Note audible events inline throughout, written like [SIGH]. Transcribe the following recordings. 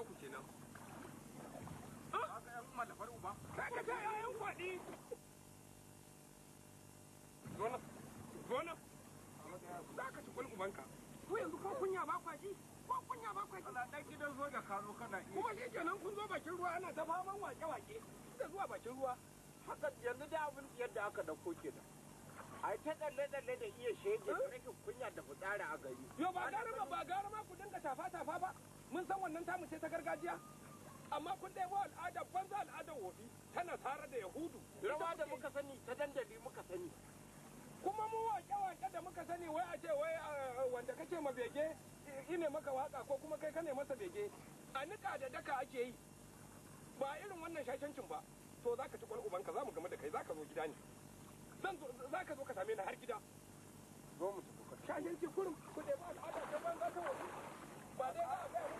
naku kenan ah! kaga ga yayan kwaɗi zona zona za ka ci ubanka ko yanzu ko kunya ba kwaji ko kunya ba kwaji ana dan gidan zo da karo kana iya kuma shi kenan kun zo bakin ruwa ana ta faman wake wake da zuwa bakin ruwa haka yanzu da abin yadda aka dauko kenan ai ta tsalle tsalle da iya shege da eh? rashin kunya da fitsara a gari yo ba gara ma ba gara ma ku dinga tafa tafa ba mun san wannan tamu ce ta gargajiya amma kun ɗaya al'ada banza al'adar wofi ta nasara da yahudu rawa da muka sani ta dandali muka sani kuma mu waƙe waƙe da muka sani wai a ce wai ah, wanda kake ma bege ine maka waka ko kuma kai kane masa bege a niƙa da daka ake yi ba irin wannan shashancin ba to zaka ci kwal ubanka za mu gama da kai zaka zo gida ne zan zaka zo ka same ni har gida zo mu tafi shashanci kurum ku ba al'ada ta banza ta wofi ba dai ba a ga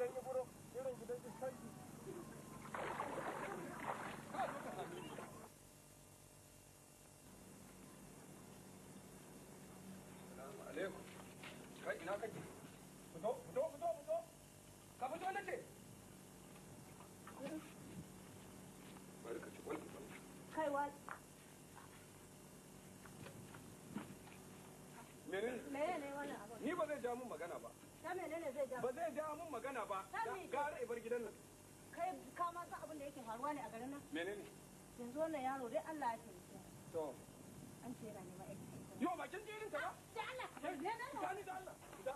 ja mun magana ba ta menene zai ba zai mun magana ba gara ibar gidan nan kai ka ma san abin da yake faruwa ne a garin nan menene yanzu wannan yaro dai Allah ya to an ce yo jirin ta ba ah, da Allah ne da Allah da Allah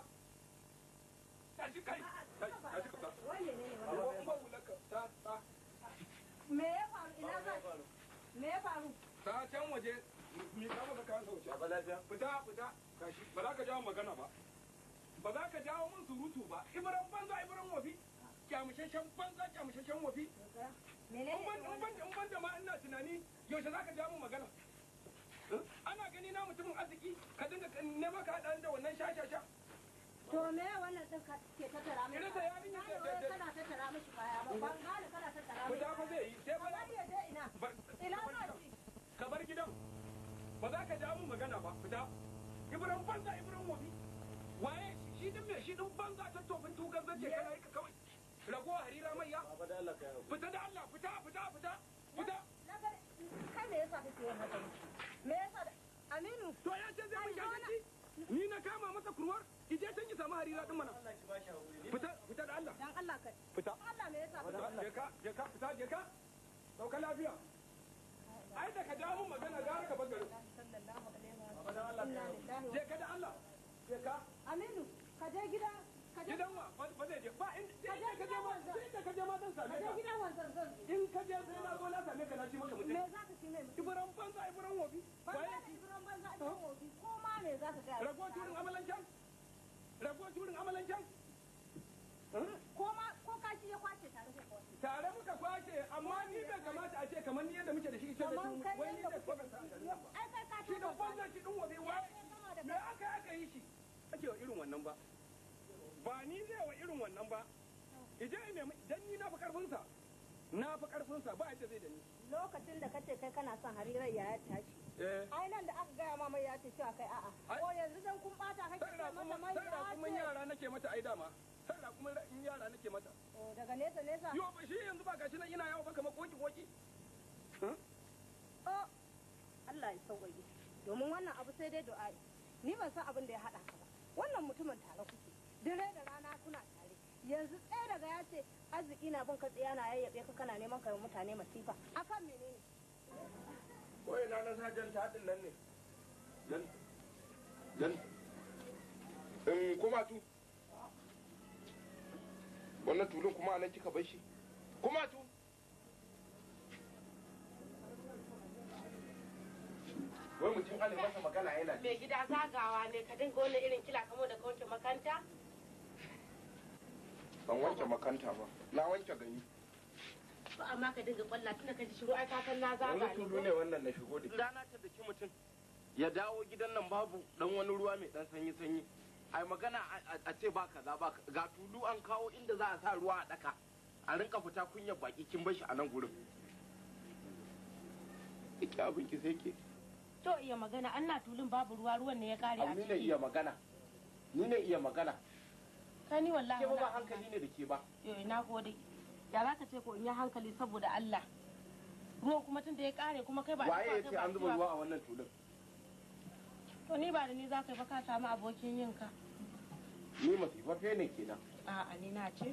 da kai ah, ah, tashi ka ta ne ne wani ba wulaka ta ta me ya faru ina za me ya faru ta can waje mi ka maka ba lafiya fita fita kashi ba za ka jawo magana ba ba za ka jawo mun surutu ba ibiran banza ibiran wafi Kyamishashen banza kyamishashen wafi in ban da ma ina tunani yaushe za ka jawo min magana eh? ana gani na mutumin arziki ka dinga nema ka haɗa da wannan shashasha to me wannan din ka ke tattara mai da yarinya ce ce kana tattara mishi baya ba ban gane kana tattara mishi ba fa zai yi sai ba ya je ina ina za shi ka bar gidan ba za ka jawo min magana ba fita ibran banza ibran wafi me shi din banza ta tofin tukar zaje kana rika kawai ragowa harira mai ya fita da Allah fita fita fita fita kai me yasa kake yin haka me yasa Aminu to ya ce zai mun gaji ni na kama masa kurwar ki je can ki samu harira din mana fita fita da Allah dan Allah kai fita Allah me yasa je ka je ka fita je ka lafiya ai da ka ja mun magana gara ka je ka da Allah je ka Aminu kaje gida ka gidan wa ba zai je ba in ka je ma sai ka je ma zan same ka ka je gidan wanzan zan in ka je sai na zo na same ka na ci maka mutum me za ka ci mai ibran banza ibran wobi banza da ibran banza ibran wobi ko ma me za ka ga rago turin amalancan rago turin amalancan ko ma ko kashi ya kwace tare da kwace tare muka kwace amma ni bai kamata a ce kamar ni yadda muke da shi ita da shi ni da kuka san ai kai ka shi da banza shi din wobi wai me aka aka yi shi ake irin wannan ba ba ni zai wa irin wannan ba idan ya nemi dan ni na fi sa na fi sa ba yadda zai da ni lokacin da kace kai kana son Harira ya tashi eh. ai nan da aka gaya mama mai ya ce cewa kai a'a ko yanzu dan kun bata kake ce mata mai ya ce kuma yara nake mata ai dama sarra kuma in yara nake mata daga nesa nesa yo ba shi yanzu ba gashi nan ina yawo ba kamar koki koki oh Allah ya sauƙaƙe domin wannan abu sai dai du'a'i ni ban san abin da ya haɗa ka ba wannan mutumin tare kuke dare da rana kuna tare yanzu tsaye daga ya ce arziki na bin katsi yana yayyabe ka kana neman ka mutane masifa akan menene koyi na na sajan ta hadin nan ne dan dan in kuma tu wannan tulun kuma nan kika bar shi kuma tu wai mutum ana masa magana yana mai gida zagawa ne ka dinga wani irin kila kamo da kawancin makanta ban wanke makanta ba na wanke gani ba amma ka dinga kwalla tunda ka ji shiru ai ka san na zaga ne wani ne wannan na shigo da rana ta daki mutum ya dawo gidan nan babu dan wani ruwa mai dan sanyi sanyi ai magana a ce ba kaza ba ga tulu an kawo inda za a sa ruwa a daka a rinka fita kunyar baki kin bar shi a nan gurin ki abin ki sai ke to iya magana an na tulun babu ruwa ruwan ne ya kare a ciki ni ne iya magana ni ne iya magana kani wallahi ke ba hankali ne da ke ba eh na gode ya zaka ce ko in yi hankali saboda Allah ruwan kuma tun da ya kare kuma kai ba waye yace an zuba ruwa a wannan tulun to ni ba da ni zaka yi ba ka samu abokin yin ka ni masifaffe ne kenan a'a ni na ce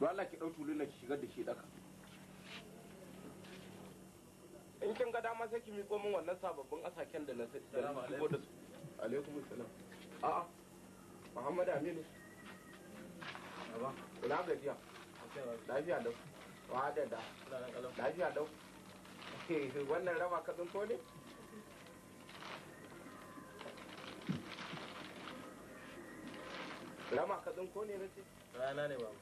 don Allah ki ɗau tulun na ki shigar da shi daka in kin ga dama sai ki miƙo min wannan sababbin asaken da na shigo da su alaikum salam a'a Muhammadu Aminu. Baba. gajiya. Lafiya dau. Wa da da. Lafiya dau. Eh, wannan raba ka tsinko ne? Rama ka tsinko ne na ce? Rana ne baba.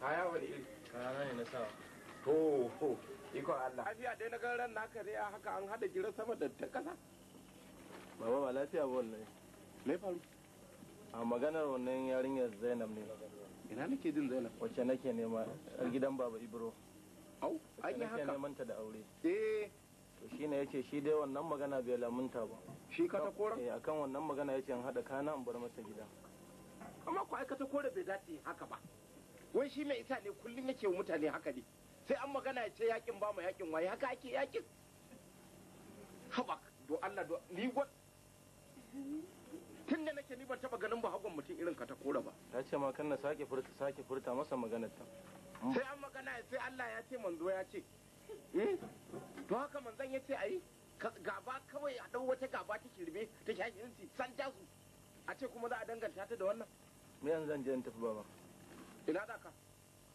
Kaya wani iri? Rana ne na sawa. To, to, ikon Allah. Lafiya dai na gan ran naka haka an hada jira sama da ta kasa. Baba ba lafiya ba Me faru? a maganar wannan yarinyar zainab ne ina nake jin zainab wacce nake nema a gidan baba ibro au an yi haka neman ta da aure eh to shine yace shi dai wannan magana bai lamunta ba shi ka ta kora eh akan wannan magana yace in hada kana in bar masa gida amma ko aikata kora bai dace haka ba wai shi mai isa ne kullun yake wa mutane haka ne sai an magana ya ce yakin ba mu yakin waye haka ake yakin habak do Allah do ni tun da nake ni ban taba ganin bahagon mutum irin ka ta kora ba ta ce ma kan na sake furta sake furta masa maganar ta mm. sai an magana sai Allah ya ce manzo ya ce eh? to haka manzon ya ce ayi gaba kawai a dau wata gaba ta kirbe ta shahinci san ta su a ce kuma za a danganta ta da wannan me yanzu zan je in tafi baba ina za ka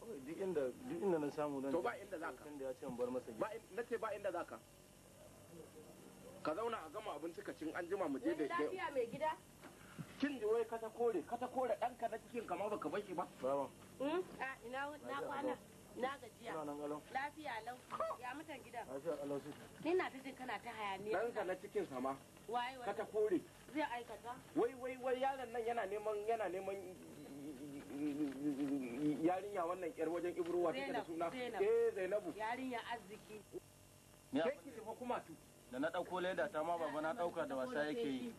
kawai duk inda duk inda na samu dan to ba inda za ka tunda ya ce in bar masa ba na ce ba inda za ka ka zauna a gama abinci ka cin an jima mu je da lafiya mai gida kin ji wai ka ta kore ka ta kore ɗanka na cikin kama baka bar shi ba. Bawa. Hmm? Ah, ina na kwana. Na gajiya. Lafiya lau. Ya mutan gidan. Lafiya lau su. Ni na ta kana ta hayaniya. Ɗanka na cikin sama. Waye waye. Ka kore. Zai aikata. Wai wai wai yaron nan yana neman yana neman yarinya wannan yar wajen ibruwa take da suna. Eh Zainabu. Yarinya arziki. Ke ki kuma tu. Da na ɗauko leda ta ma baba na ɗauka da wasa yake yi.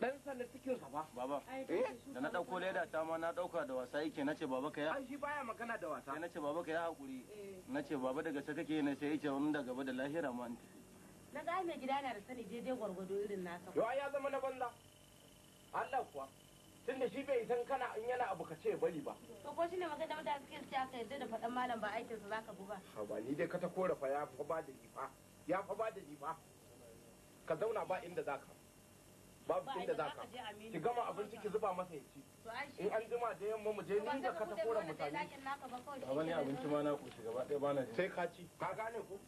dan sanda cikin sa fa baba eh, da na dauko leda ta ma na dauka da wasa yake nace baba kai An ai shi baya magana da wasa sai nace baba kai ya hakuri eh. nace baba daga sa kake ne sai yace wani da gaba da lahira ma na ga mai gida na da sani daidai gwargwado irin nasa yo ya zama na banza Allah kuwa tunda shi bai san kana in yana abu ka ce bari ba to ko shine magana mutane suke ce aka yarda da faɗan malam ba aikin sa zaka bu ba ha ba ni dai ka ta korafa ya fa ba da jifa ya fa ba da jifa ka zauna ba inda zaka babu inda za zaka ki gama abinci ki zuba masa ya ci in an jima da yamma mu je ni da ka ta koran mutane ba wani abinci ma na kushi gaba ɗaya bana sai ka ci ka gane ku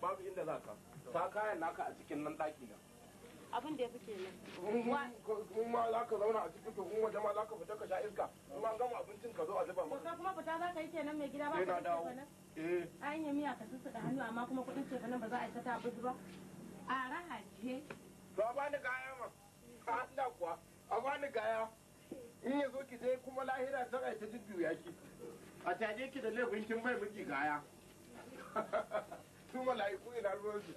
babu inda za ta kayan naka a cikin nan daki na abin da ya fi kenan in ma za ka zauna a cikin to kuma waje ma za ka fita ka sha iska in gama abincin ka zo a zuba maka kuma fita za ka yi kenan mai gida ba ka dawo eh an yi miya ka sussuɗa hannu amma kuma kudin ce ba za a yi ta ta ba a rahaje to ba ni ga ma Ha kuwa a bani gaya in ya zo ki je kuma ta ai ta jujjuya ki a taje ki da laifin kin ha miki gaya [LAUGHS] su mala'iku ina ruwan su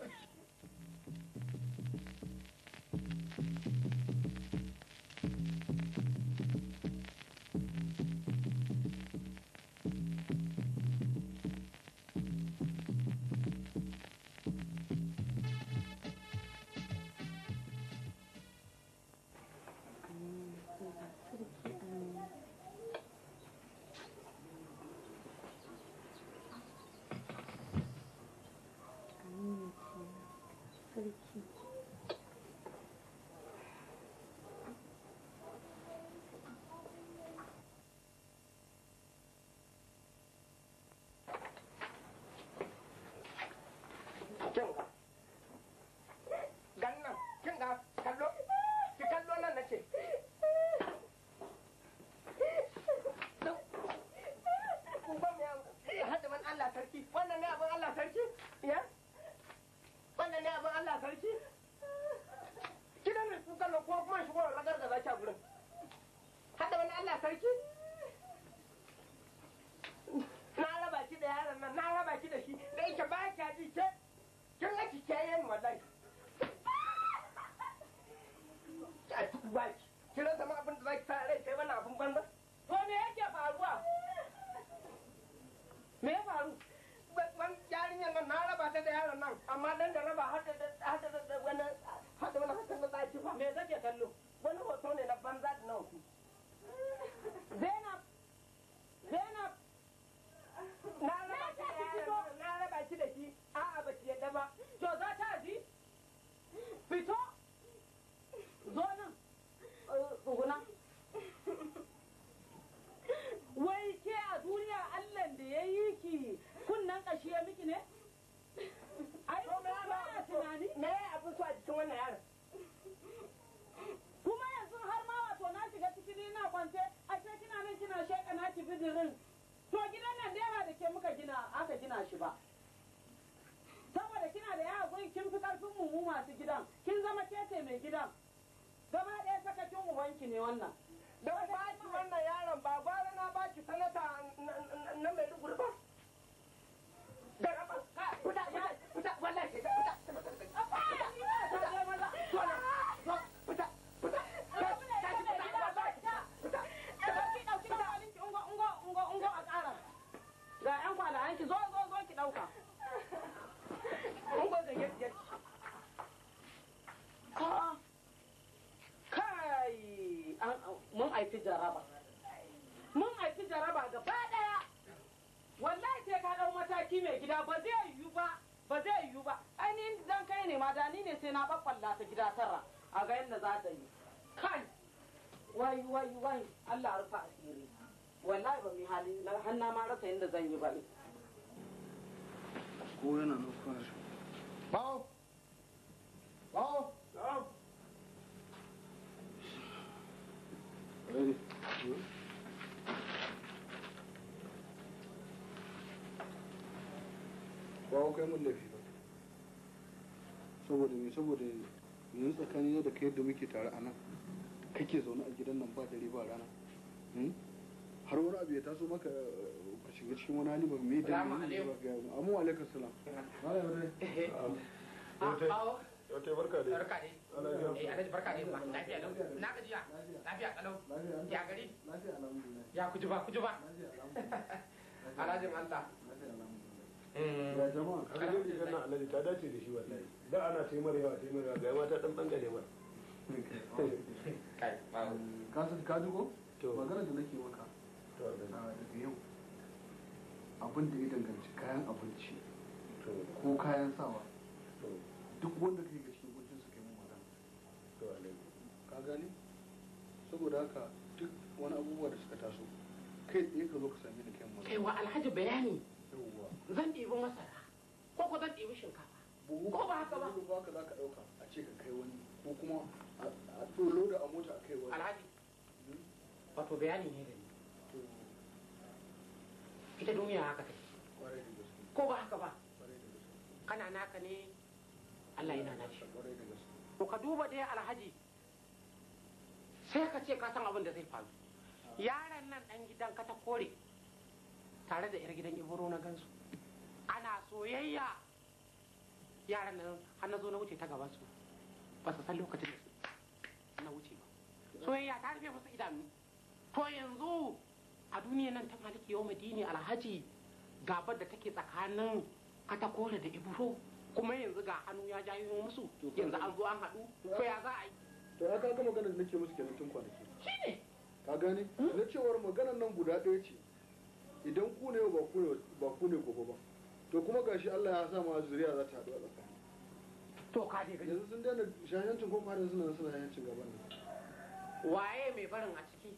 wai wai wai Allah ya rufa asiri wallahi ba mi hali na hanna ma rasa inda zan yi ba ne ko yana nan kwari bawo bawo bawo kai mun lafi ba saboda me saboda yanzu tsakanin yau da kai yadda muke tare a nan kake zaune a gidan nan ba dare ba rana hmm? har wani abu ya taso maka ka shiga cikin wani hali ba me da ne ba ga amu alaikum salam Ok, eh, eh. ah, barka dai. Barka dai. Eh, Alhaji barka dai ba. Lafiya lau. Na gajiya. Lafiya kalau. Ya gari? Lafiya alhamdulillah. Ya kuji ba, kuji ba. Lafiya [LAUGHS] alhamdulillah. Alhaji Allah. Lafiya alhamdulillah. Hmm. Ya jama'a, kaga dai kana Alhaji ta dace da shi wallahi. Da ana taimarewa taimarewa ga mata ɗan bangare mara. kai ka dugo magana da nake maka daga yau abin da ya danganci kayan abinci ko kayan sawa duk wanda kai ga cikin kuncin su kai mu magana ka gani saboda haka duk wani abubuwa da suka taso kai tsaye ka zo ka sami da kai magana kai wa alhaji bayani zan ɗibi masara ko ko zan ɗibi shinkafa ko ba haka ba ba ka za ka ɗauka a ce ka kai wani ko kuma to da a mota kai wani alhaji wato bayani ne da ni ita duniya haka take ko ba haka ba kana naka ne Allah yana nashi to ka duba dai alhaji sai ka ce ka san abin da zai faru yaran nan dan gidan ka ta kore tare da 'yar gidan ibro na gansu ana soyayya yaran nan har na zo na wuce ta gaban su ba su san lokacin da na wuce ba soyayya ta rufe musu idanu to yanzu a duniya nan ta maliki yau madini alhaji gabar da take tsakanin katakore da ibro kuma yanzu ga hannu ya jayo musu yanzu an zo an haɗu to ya za a yi to ya kaga maganar da nake musu kenan tun kwanaki shine ka gane na cewar maganar nan guda ɗaya ce idan ku ne ba ku ne gobe ba to kuma gashi Allah ya sa ma zuriya za ta haɗu a tsakani to ka je ka yanzu sun daina shayancin ko kwanan suna suna yancin gaban nan waye mai barin a ciki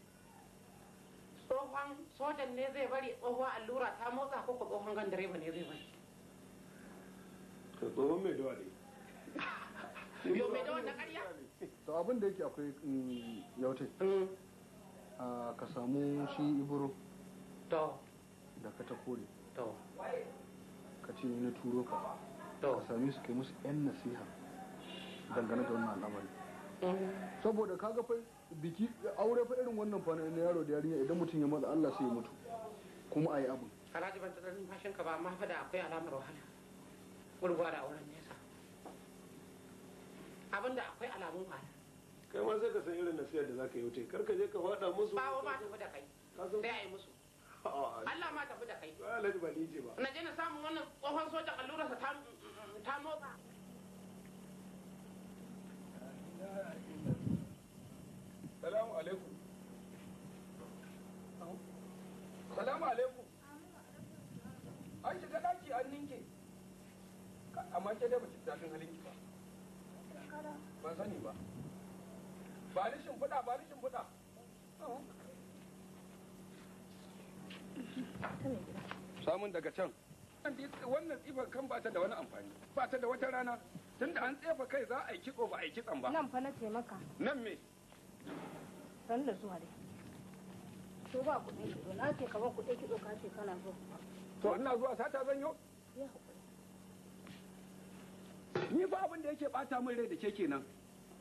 tsohon sojan ne zai bari tsohon allura ta motsa ko tsohon gan direba ne zai bari tsohon mai dawa ne yau [LAUGHS] mai dawa na karya to abin da yake akwai mm, yaute mm. ka samu shi iburo da ka ta kore ka ce ni na turo ka to sami su kai musu yan nasiha dangane da wannan al'amari mm-hmm. saboda kaga fa biki aure fa irin wannan fa na yaro da yarinya idan mutum ya matsa Allah sai ya mutu kuma ayi abin alhaji ban tsada numfashin ka ba amma fa da akwai alamar wahala gurgwa da auren nesa abin da akwai alamun wahala kai ma sai ka san irin nasiha da zaka yi wuce kar ka je ka faɗa musu bawo ma tafi da kai sai ayi musu [LAUGHS] Allah ma tafi da kai alhaji ba ni ce ba na je na samu wannan tsohon sojan allurarsa ta salamu alaikum salamu alaikum an shiga daki an ninke amma ke da baki zafin halinki ba ban sani ba ba ni fuda, ba ni shimfiɗa samun daga can wannan tsifar kan bata da wani amfani da wata rana tunda an tsefa kai za a yi kitso ba a yi kitson ba nan fa na taimaka nan me san da zuwa dai to ba na ce ka ba ka ce kana zo to ina zuwa sata zan yo ni ba abin da yake bata min rai da ke kenan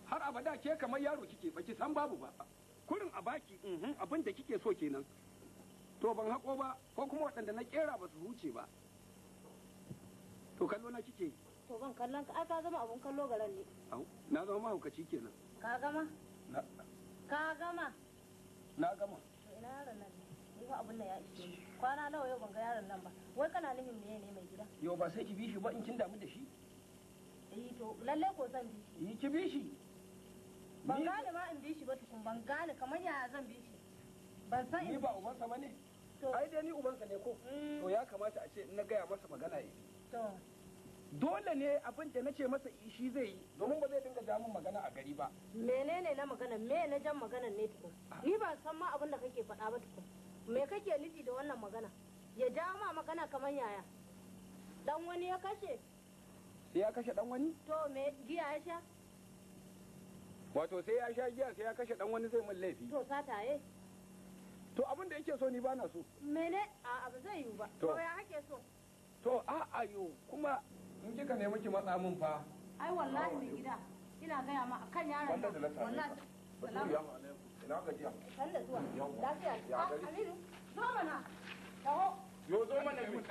har abada ke kamar yaro kike baki san babu ba kurin a baki abin da kike so kenan to ban hako ba ko kuma waɗanda na kera ba su huce ba to kallo na kike to ban kallon ka ai ka zama abun kallo garan ne au na zama mahaukaci kenan ka gama na ka gama na gama to ina yaron nan ni fa abun nan ya ishe ni kwana nawa yau ban ga yaron nan ba wai kana nihin meye ne mai gida yo ba sai ki bi shi ba in kin damu da shi eh to lalle ko zan bi shi yi ki bi shi ban gane ma in bi shi ba tukun ban gane kamar ya zan bi shi ban san ni ba ubansa to ai dai ni ubansa ne ko mm. to ya kamata a ce in na gaya masa magana yi dole ne abin da ce masa shi zai yi domin ba zai dinga ja min magana a gari ba menene na magana me na jan magana ne tukun ah. ni ba san ma abin da kake faɗa ba tukun me kake nufi da wannan magana ya ja ma magana kamar yaya dan wani ya kashe sai ya kashe dan wani to me giya ya sha wato sai ya sha giya sai ya kashe dan wani zai min laifi to sataye to abin da yake so ni ba na so mene a abu zai yiwu ba to ya ake so to a ayo kuma in kika nemi ki matsa min fa ai wallahi mai gida ina gaya ma kan yaran wallahi salamu alaikum ina gajiya sallah zuwa lafiya ya ah, gari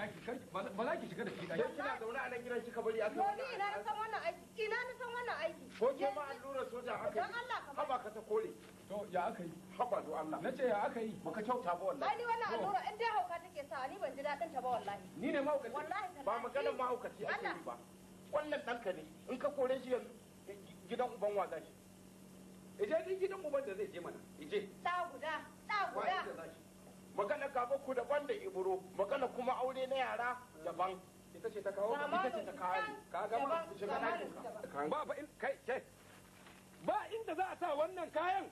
daki ba za ki shiga da shi daki kina zaune a nan gidan kika bari aka wani ina na san wannan aiki ina na san wannan aiki ko ke ma allura soja aka yi haba ka ta kore to ya aka yi haba do Allah nace ya aka yi baka kyauta ba wallahi ai ni wannan allura in dai hauka take sa ni ban ji dadin ta ba wallahi ni ne mahaukaci wallahi ba magana mahaukaci ake yi ba wannan danka ne in ka kore shi yanzu gidan uban wazashi. ije ije gidan uban da zai je mana ije ta guda ta guda magana gaba ku daban da ibro magana kuma aure na yara daban ita ce ta kawo ita ce ta kawo ka ga ma shiga dakin ka ba ba in kai kai ba inda za a sa wannan kayan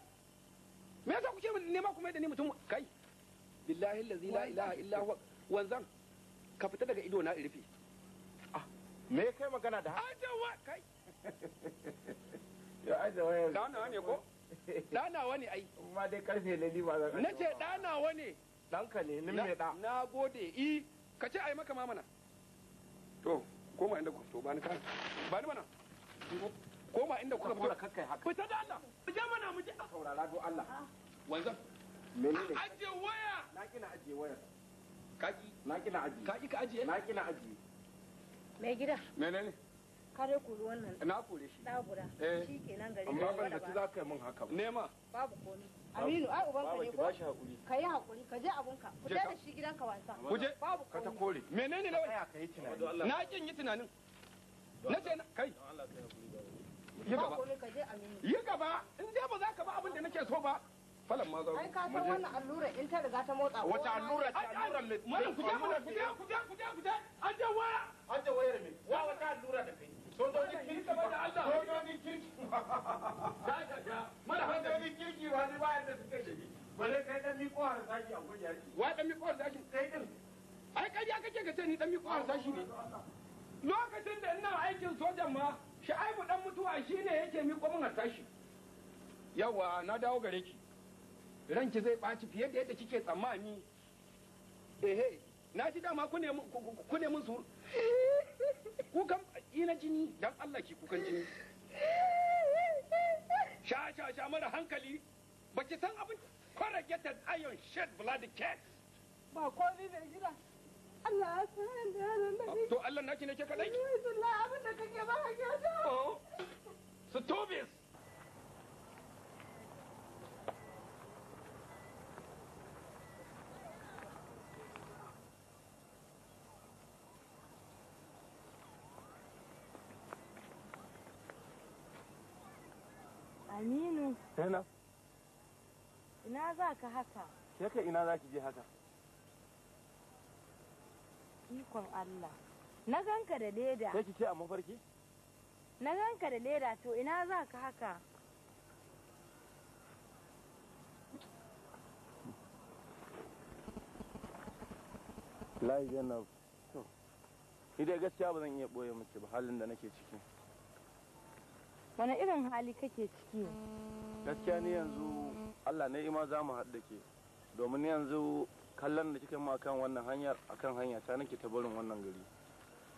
me yasa kuke nema kuma da ni mutum kai billahi allazi la ilaha illa huwa wanzan ka fita daga ido na rufe ah me kai magana da wa kai ya ajawa ya dana ne ko dana [LAUGHS] wani ai amma dai karfe ne ni ba zan nace dana wani ɗanka ne nin mai ɗa na gode i ka ce ai maka mamana to koma inda ku to ba ni ka ba ni mana koma inda kuka fito kakkai haka fita da Allah je mana mu je saurara do Allah ah. wanzan menene aje waya na kina aje waya kaki na kina aje kaki ka aje na kina aje mai gida menene kare kuru wannan na kore shi na dabura eh shikenan gari amma ban da ci zaka yi mun haka ba nema babu komai Aminu ai uban ka ko? Bashi hakuri. Ka yi hakuri ka je abunka. Ku je da shi gidanka wasa. Ku je. Babu ka ta kore. Menene lawan? Na kin yi tunanin. Na ce kai. Yi gaba. Yi gaba in je ba za ka ba abin da nake so ba. Falan ma zauri. Ai ka san wannan allura in ta riga ta motsa. Wata allura ta allura me? Malam ku je ku je ku je ku je. An je waya. An je wayar me? Wa wata allura da kai. sojojin kirki ba da Allah sojojin kirki ta kaga mara sojojin kirki ba ne bayan da suka shige bale kai dan miko har zaki a gudu yaki wa dan miko har zaki sai din ai kariya kake ka ce ni dan miko har zaki ne lokacin da ina aikin sojan ma sha'ibu dan mutuwa shine yake miko min a tashi yawa na dawo gare ki ranki zai ɓaci fiye da yadda kike tsammani ehe eh, na ji dama ku ne mun su ku kam ina jini dan Allah ki kukan jini sha sha sha mara hankali baki san abin corrugated iron shed blood cat ba ni ne gida Allah san da nan ah, to Allah naki ne ke kadai Allah abin da kake ba ka kyauta to oh, so tobis kaina ina za ka haka ke kai ina za ki je haka ikon Allah na ganka da leda sai ki ce a mafarki na ganka da leda to ina za ka haka layi zainab to idai gaskiya ba zan iya ɓoye mace ba halin da nake ciki wani irin hali kake ciki gaskiya ni yanzu allah ne ima za mu haɗu ke domin yanzu kallon da kika ma kan wannan hanyar akan hanya ta nake ta barin wannan gari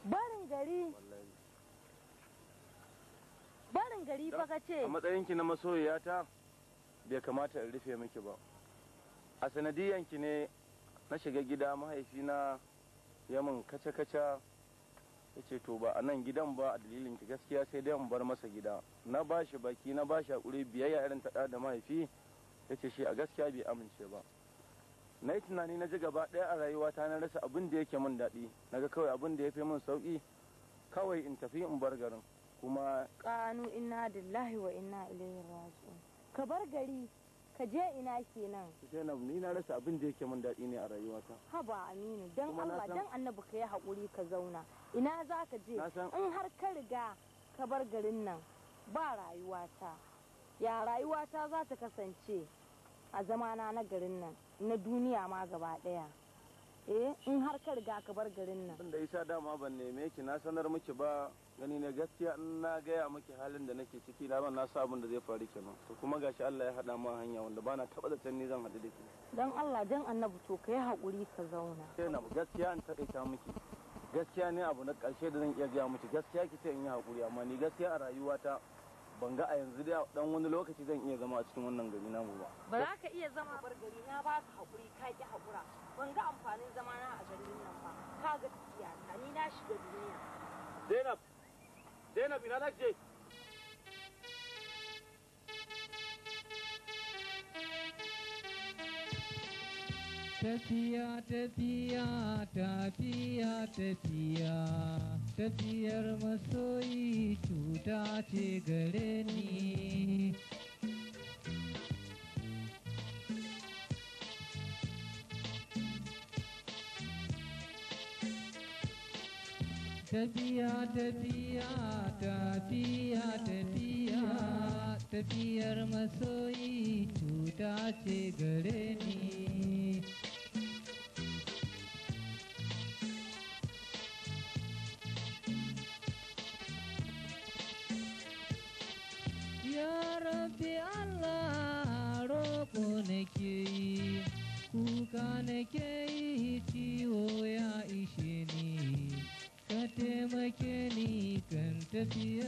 barin gari barin gari fa ka ce a matsayin ki na masoyiyata bai kamata in rufe miki ba a sanadiyanki ne na shiga gida mahaifina ya mun kaca-kaca ya ce to ba a nan gidan ba a dalilin ki gaskiya sai dai mu bar masa gida na ba shi baki na ba shi hakuri biyayya irin ta da mahaifi ya ce shi a gaskiya bai amince ba na yi tunani na ji gaba ɗaya a rayuwa ta na rasa abin da yake min daɗi na ga kawai abin da ya fi min sauƙi kawai in tafi in bar garin kuma ƙanu inna lillahi wa inna ilaihi raji'un ka bar gari ka je ina kenan Zainab ni na rasa abin da yake min daɗi ne a rayuwata haba Aminu dan Allah dan Annabi ka yi haƙuri ka zauna ina za ka je in har ka riga ka bar garin nan ba rayuwata ya rayuwata za ta kasance a zamana na garin nan na duniya ma gaba ɗaya eh in har ka riga ka bar garin nan da isa dama ban neme ki na sanar miki ba gani ne gaskiya in na gaya maki halin da nake ciki na na sa abin da zai faru kenan to kuma gashi Allah ya hada mu hanya wanda bana taba da ni zan hadu da ke dan Allah dan annabi to kai hakuri ka zauna sai na gaskiya an taƙaita miki gaskiya ne abu na ƙarshe da zan iya gaya miki gaskiya ki ce in yi hakuri amma ni gaskiya a rayuwata ban ga a yanzu da dan wani lokaci zan iya zama a cikin wannan gari namu ba ba za ka iya zama bar gari na ba ka hakuri ka ki hakura ban ga amfanin zama na a garin nan ba ka ga tafiya ni na shiga duniya Zainab Zeynep ina zaki je? Tafiya tafiya tafiya tafiya tafiyar masoyi cuta ce gare ni. tafiya tafiya tafiya tafiya tafiyar masoyi cuta ce gare ni ya rabbi allah roƙo ku kuka nake Turkey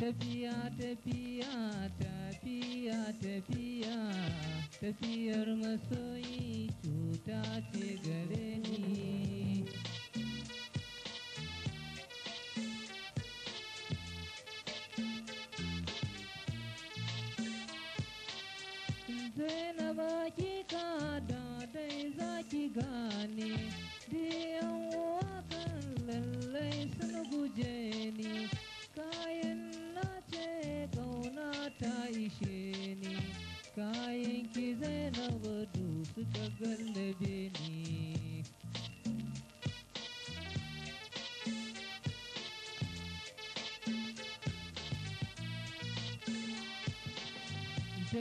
tafiya tafiya tafiya tafiya tafiyar masoyi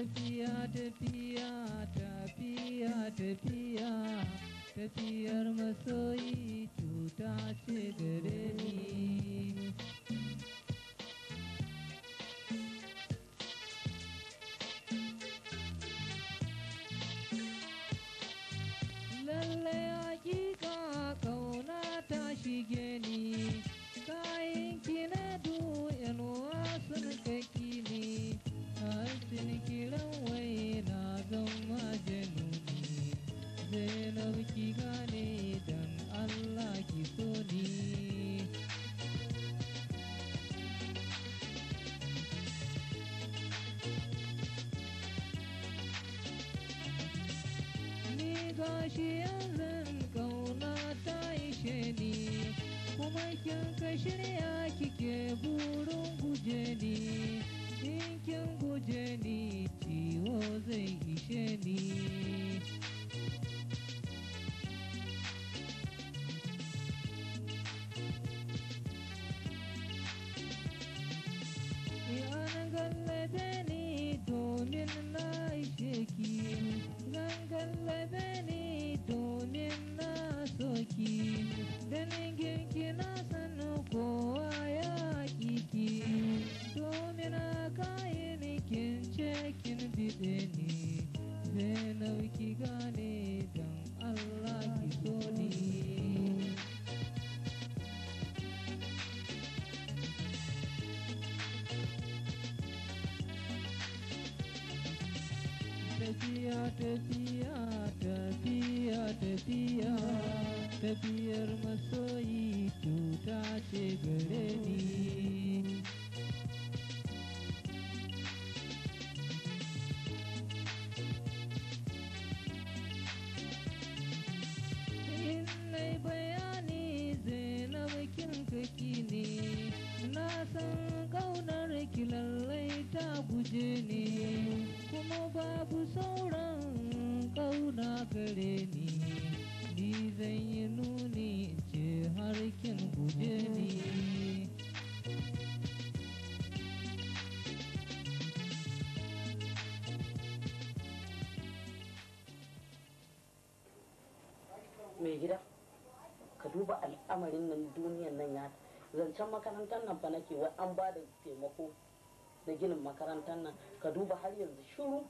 tafiya tafiya tafiya tafiya tafiyar masoyi shirya kike burin guje ni in kin guje ni ciwo zai ishe ni පියාට පියාට පියාට පියාට zancen makarantar nan fa nake wai an ba da taimako da ginin makarantar nan ka duba har yanzu shiru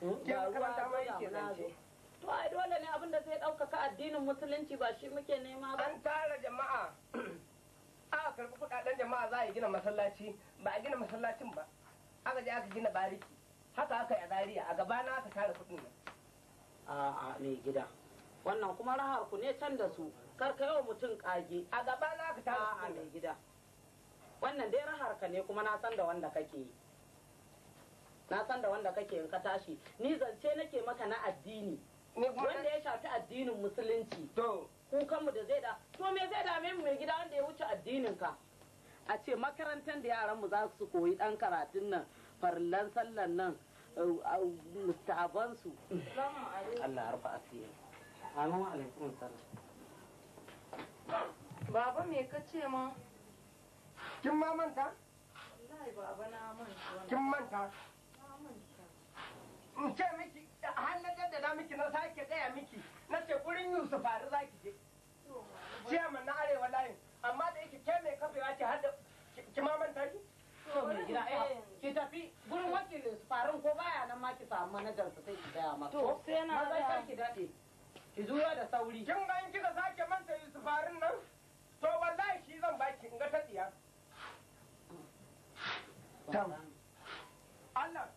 ba hmm? zance to ai dole ne abin da zai ka addinin musulunci ba shi muke nema ba an tara jama'a [CLEARS THROAT] a karɓi kuɗaɗen jama'a za a gina masallaci ba a gina masallacin ba aka je aka gina bariki haka aka yi a zariya a gaba na aka tara kuɗin a a'a ne gida wannan kuma rahar ku ne can da su kar ka mutum kage a gaba za ka ta a mai gida wannan dai rahar ka ne kuma na san da wanda kake yi na san da wanda kake in ka tashi ni zance nake maka na addini wanda ya shafi addinin musulunci to kukanmu da zai da to me zai dame mu mai gida wanda ya wuce addinin ka a ce makarantar da yaran mu za su koyi dan karatun nan farlan sallan nan mustahabansu Allah rufa asiri. Amin alaikum salam. Baba me ka ce ma? Kin ma manta? Wallahi baba na manta. Kin manta? Na manta. In ce miki har na jaddada miki na sake gaya miki na ce gurin Yusuf Ari za ki je. ma na arewa layin amma da yake ke mai kafewa ce har da ki ma manta ki? Eh, ki tafi gurin wakilin farin ko baya nan ma ki samu manajansa sai ki gaya maka. To sai na da. Maza ki daɗe. ki zuwa da sauri kin ga in kika sake manta yusufarin nan to wallahi shi zan baki in ga ta tsiya Allah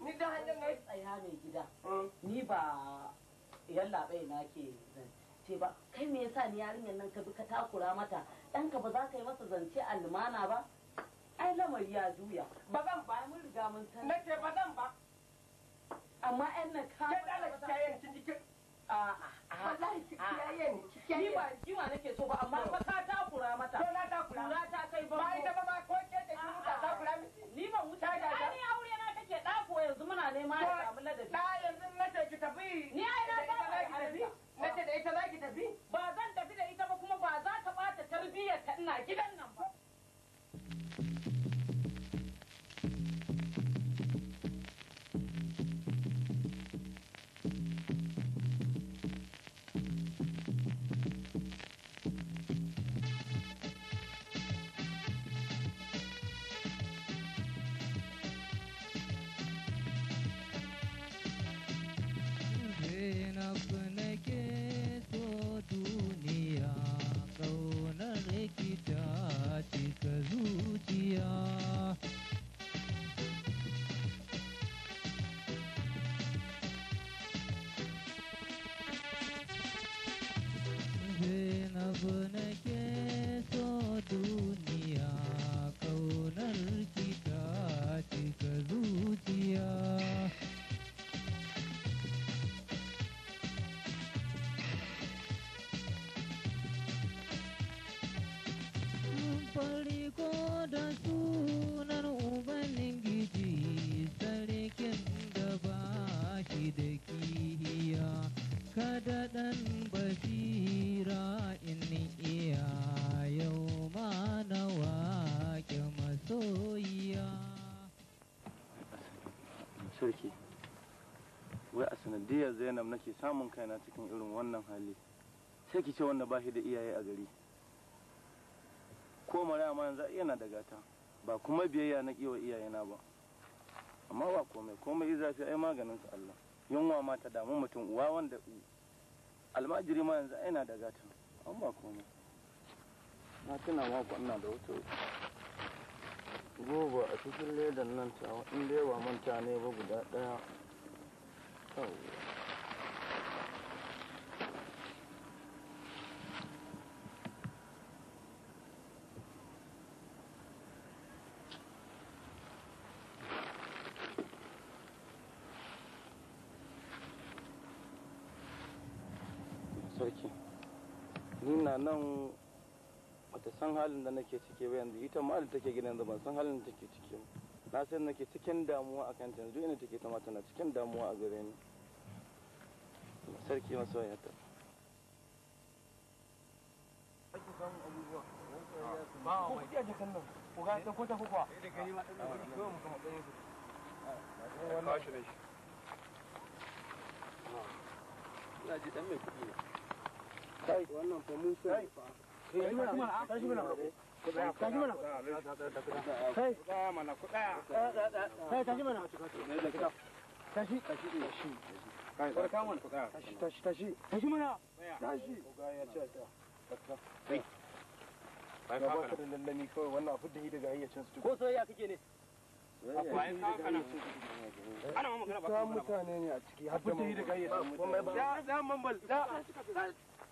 ni da hanyar na tsaya mai gida hmm. ni ba yalla bai na ke zance ba kai me yasa ni yarinyar nan ka bi ka takura mata ka ba za ka yi masa zance almana ba ai lamari ya juya ba zan ba mun riga mun san Nake ba zan ba amma ɗan na ka ba ta yin cikin Ni ba jiwa nake so ba amma fa ka takura mata. To na takura. Kura ta kai ba. Ba ita ba ma ko ke da ta takura miki. Ni ban wuta da ta. Ni aure na take ko yanzu muna nema da samu ladabi. Na yanzu na ki tafi. Ni ai na ta ki tafi. Na ce da ita za ki tafi. Ba zan tafi da ita ba kuma ba za ta bata tarbiyyar ta ina gidan nan ba. ke samun kaina cikin irin wannan hali sai ki ce wanda bashi da iyaye a gari ko mara ma yanzu yana da gata ba kuma biyayya na kiwa na ba amma ba komai komai iza fi ai maganin su Allah yunwa ma ta damu mutum uwa wanda almajiri ma yanzu ai na da gata an ba komai na tuna ma ku ina da wuce goba a cikin ledan nan ta in dai ba manta ne ba guda daya kawai sarki na nan wata san halin da nake ciki ba yanzu ita ma take gina yanzu ban san halin da take ciki ba na san nake cikin damuwa a kan yanzu ina take ta mata tana cikin damuwa a gare ni sarki masoya ta ake samun abubuwa ko ta kuwa da ji mai ne kai wannan fa mun sai fa kai mana kai mana kai mana kai kai mana kuɗa kai tashi mana tashi tashi tashi kai ka mana kuɗa tashi tashi tashi tashi mana tashi ga ya ce ta kai kai ka ka da lallami kawai wannan abu da yi daga ayyacin su ko soyayya kake ne ana magana ba mutane ne a ciki har da mu da gayyata mutane da da mambal da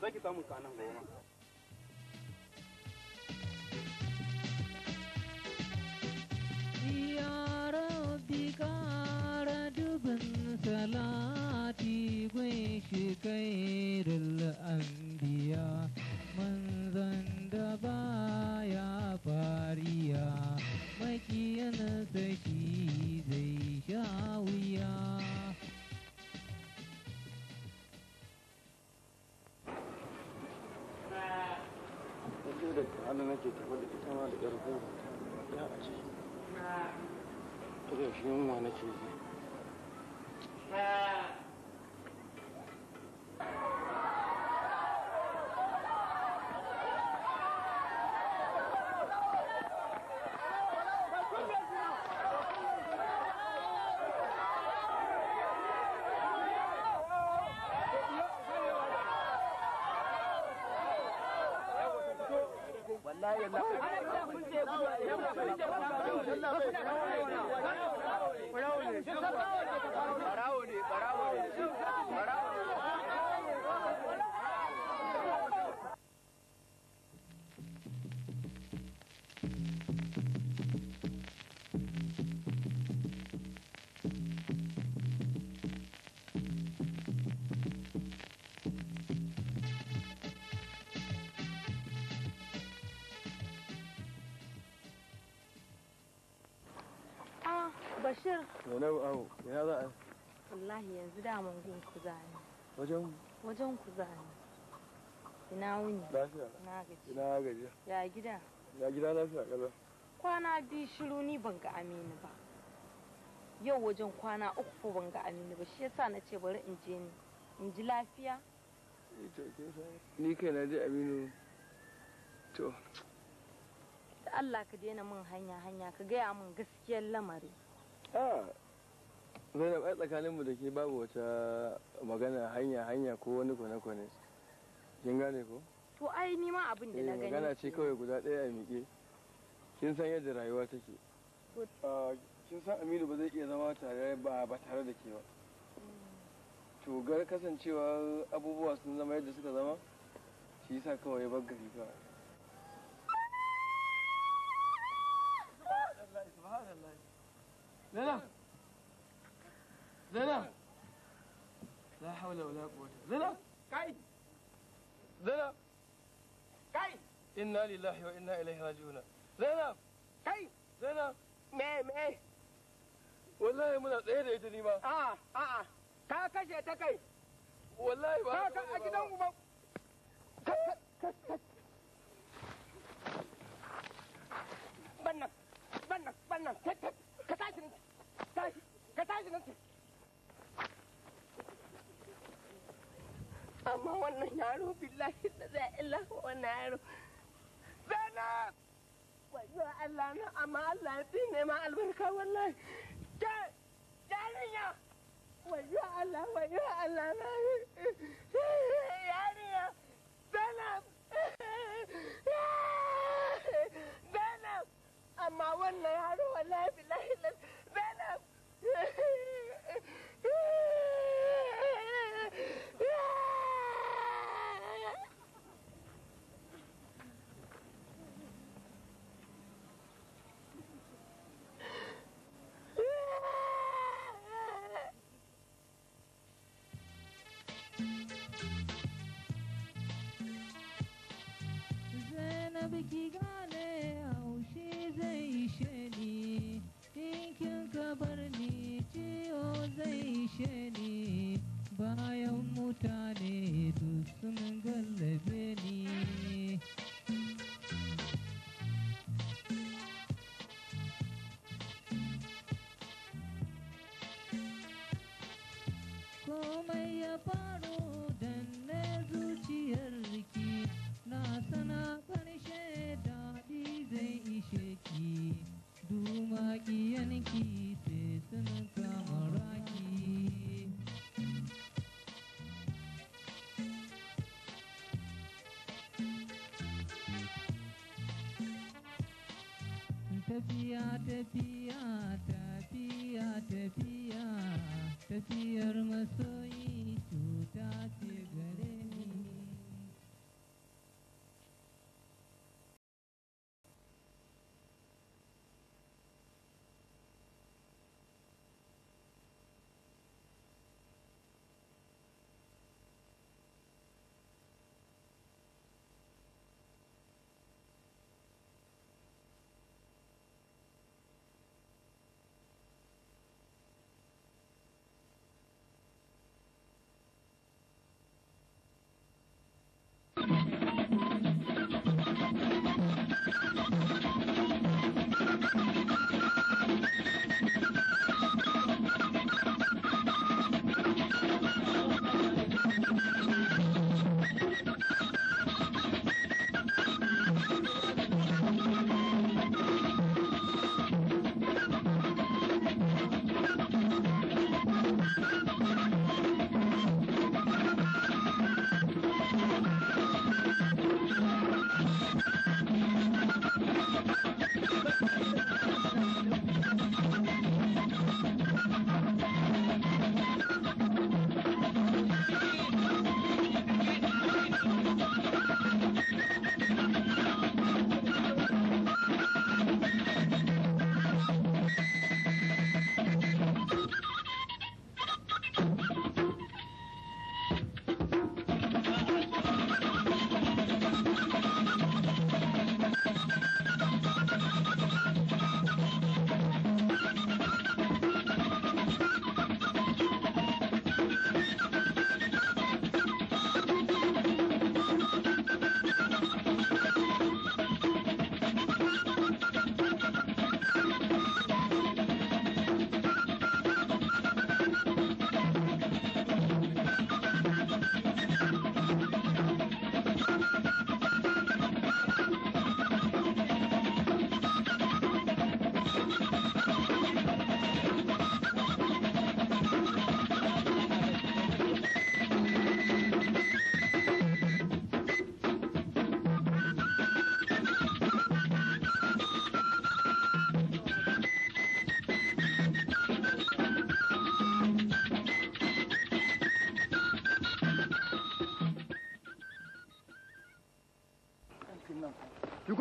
Zaki samun kanan Ya rabbi kara dubin salati bai shi kairul Ambiya, manzan da baya fariya makiyan saki zai sha wuya. yanzu da hannun nake tafa da ita ma da ƴar goma ya a ciki ina shi yunwa nake yi Yeah. Bashir. Zainab awo, ina za a? Wallahi yanzu daman gun ku zani. Wajen? Wajen ku zani. Ina wuni? Lafiya. Ina gaji. Ina gaji. Ya gida? Ya gida lafiya kaza. Kwana biyu shiru ni ban ga Aminu ba. Yau wajen kwana uku ko ban ga Aminu ba shi yasa na ce bari in je ni. In ji lafiya? Eh, ni kai na je Aminu. To. Allah ka daina min hanya hanya ka gaya min gaskiyar lamari. Ah, zainab ai tsakaninmu da ke babu wata magana hanya hanya ko wani kwane-kwane kin gane ko to ai ni ma abin da na eh, gani magana ce kawai guda ɗaya a miƙe kin san yadda rayuwa take ah, kin san aminu ba zai iya zama tare ba ba tare da ke ba to gar kasancewa abubuwa sun zama yadda suka zama shi yasa kawai bar gari ba. زينب زينب لا حول ولا قوة زينب كاي زينب كاي إنا لله وإنا إليه راجعون زينب كاي زينب me me wallahi muna tsaye da ita ni ma a a ka kashe ta kai wallahi ba ka a gidan uba bannan bannan bannan ka tashi 大が大事なんです أما هو نعرف بالله لا إله ونعرف زينب وإذا ألا أنا أما ألا يديني مع البركة والله جاي جارية وإذا ألا وإذا ألا أنا جارية زينب زينب أما والله يعرف والله بالله Venom, Venom, Venom, ખબર નીચે ઓ જઈશેની બાયો મુઠાને દુશ્મન ગલબેની કોમૈયા પાડો be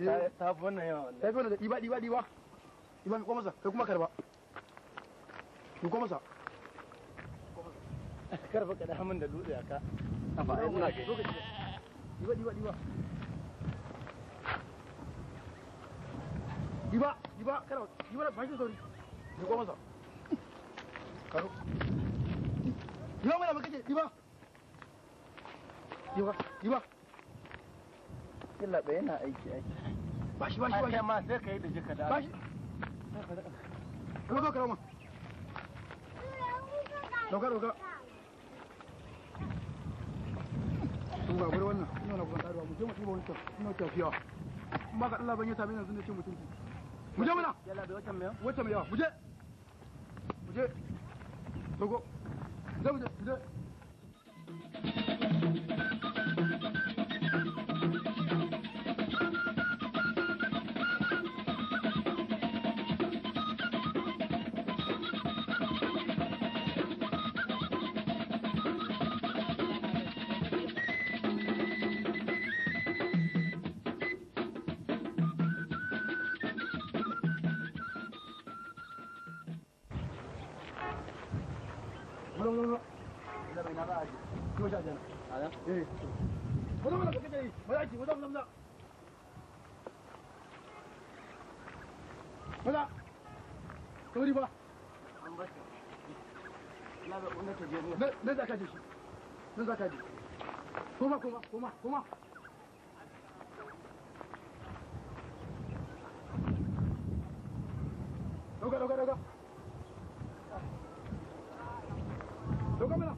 Eh. ta fi wannan yawa ta fi wannan diba diba diba. Diba mi komasa kai kuma karba mi komasa karba ka [LAUGHS] da min da dutse a ka a ba yi. muna diba diba. Diba diba ɗiba kada ɗiba da fashin sauri mi komasa karo ɗiba mana mu kake diba diba diba. yalla bai yana aiki aiki ba shi ba shi ba shi ma sai ka yi da jika da ba shi ka zo ka rama dauka dauka sun ga gure wannan ina na kusan taruwa mu je mu tsiba wani tafi ina tafiya ba ka Allah ban ya same yanzu ne ce mutunci mu je mana yalla bai wata mai wata mai yawa mu je mu je dogo zai mu je zaka kuma kuma kuma kuma dauka dauka dauka dauka mana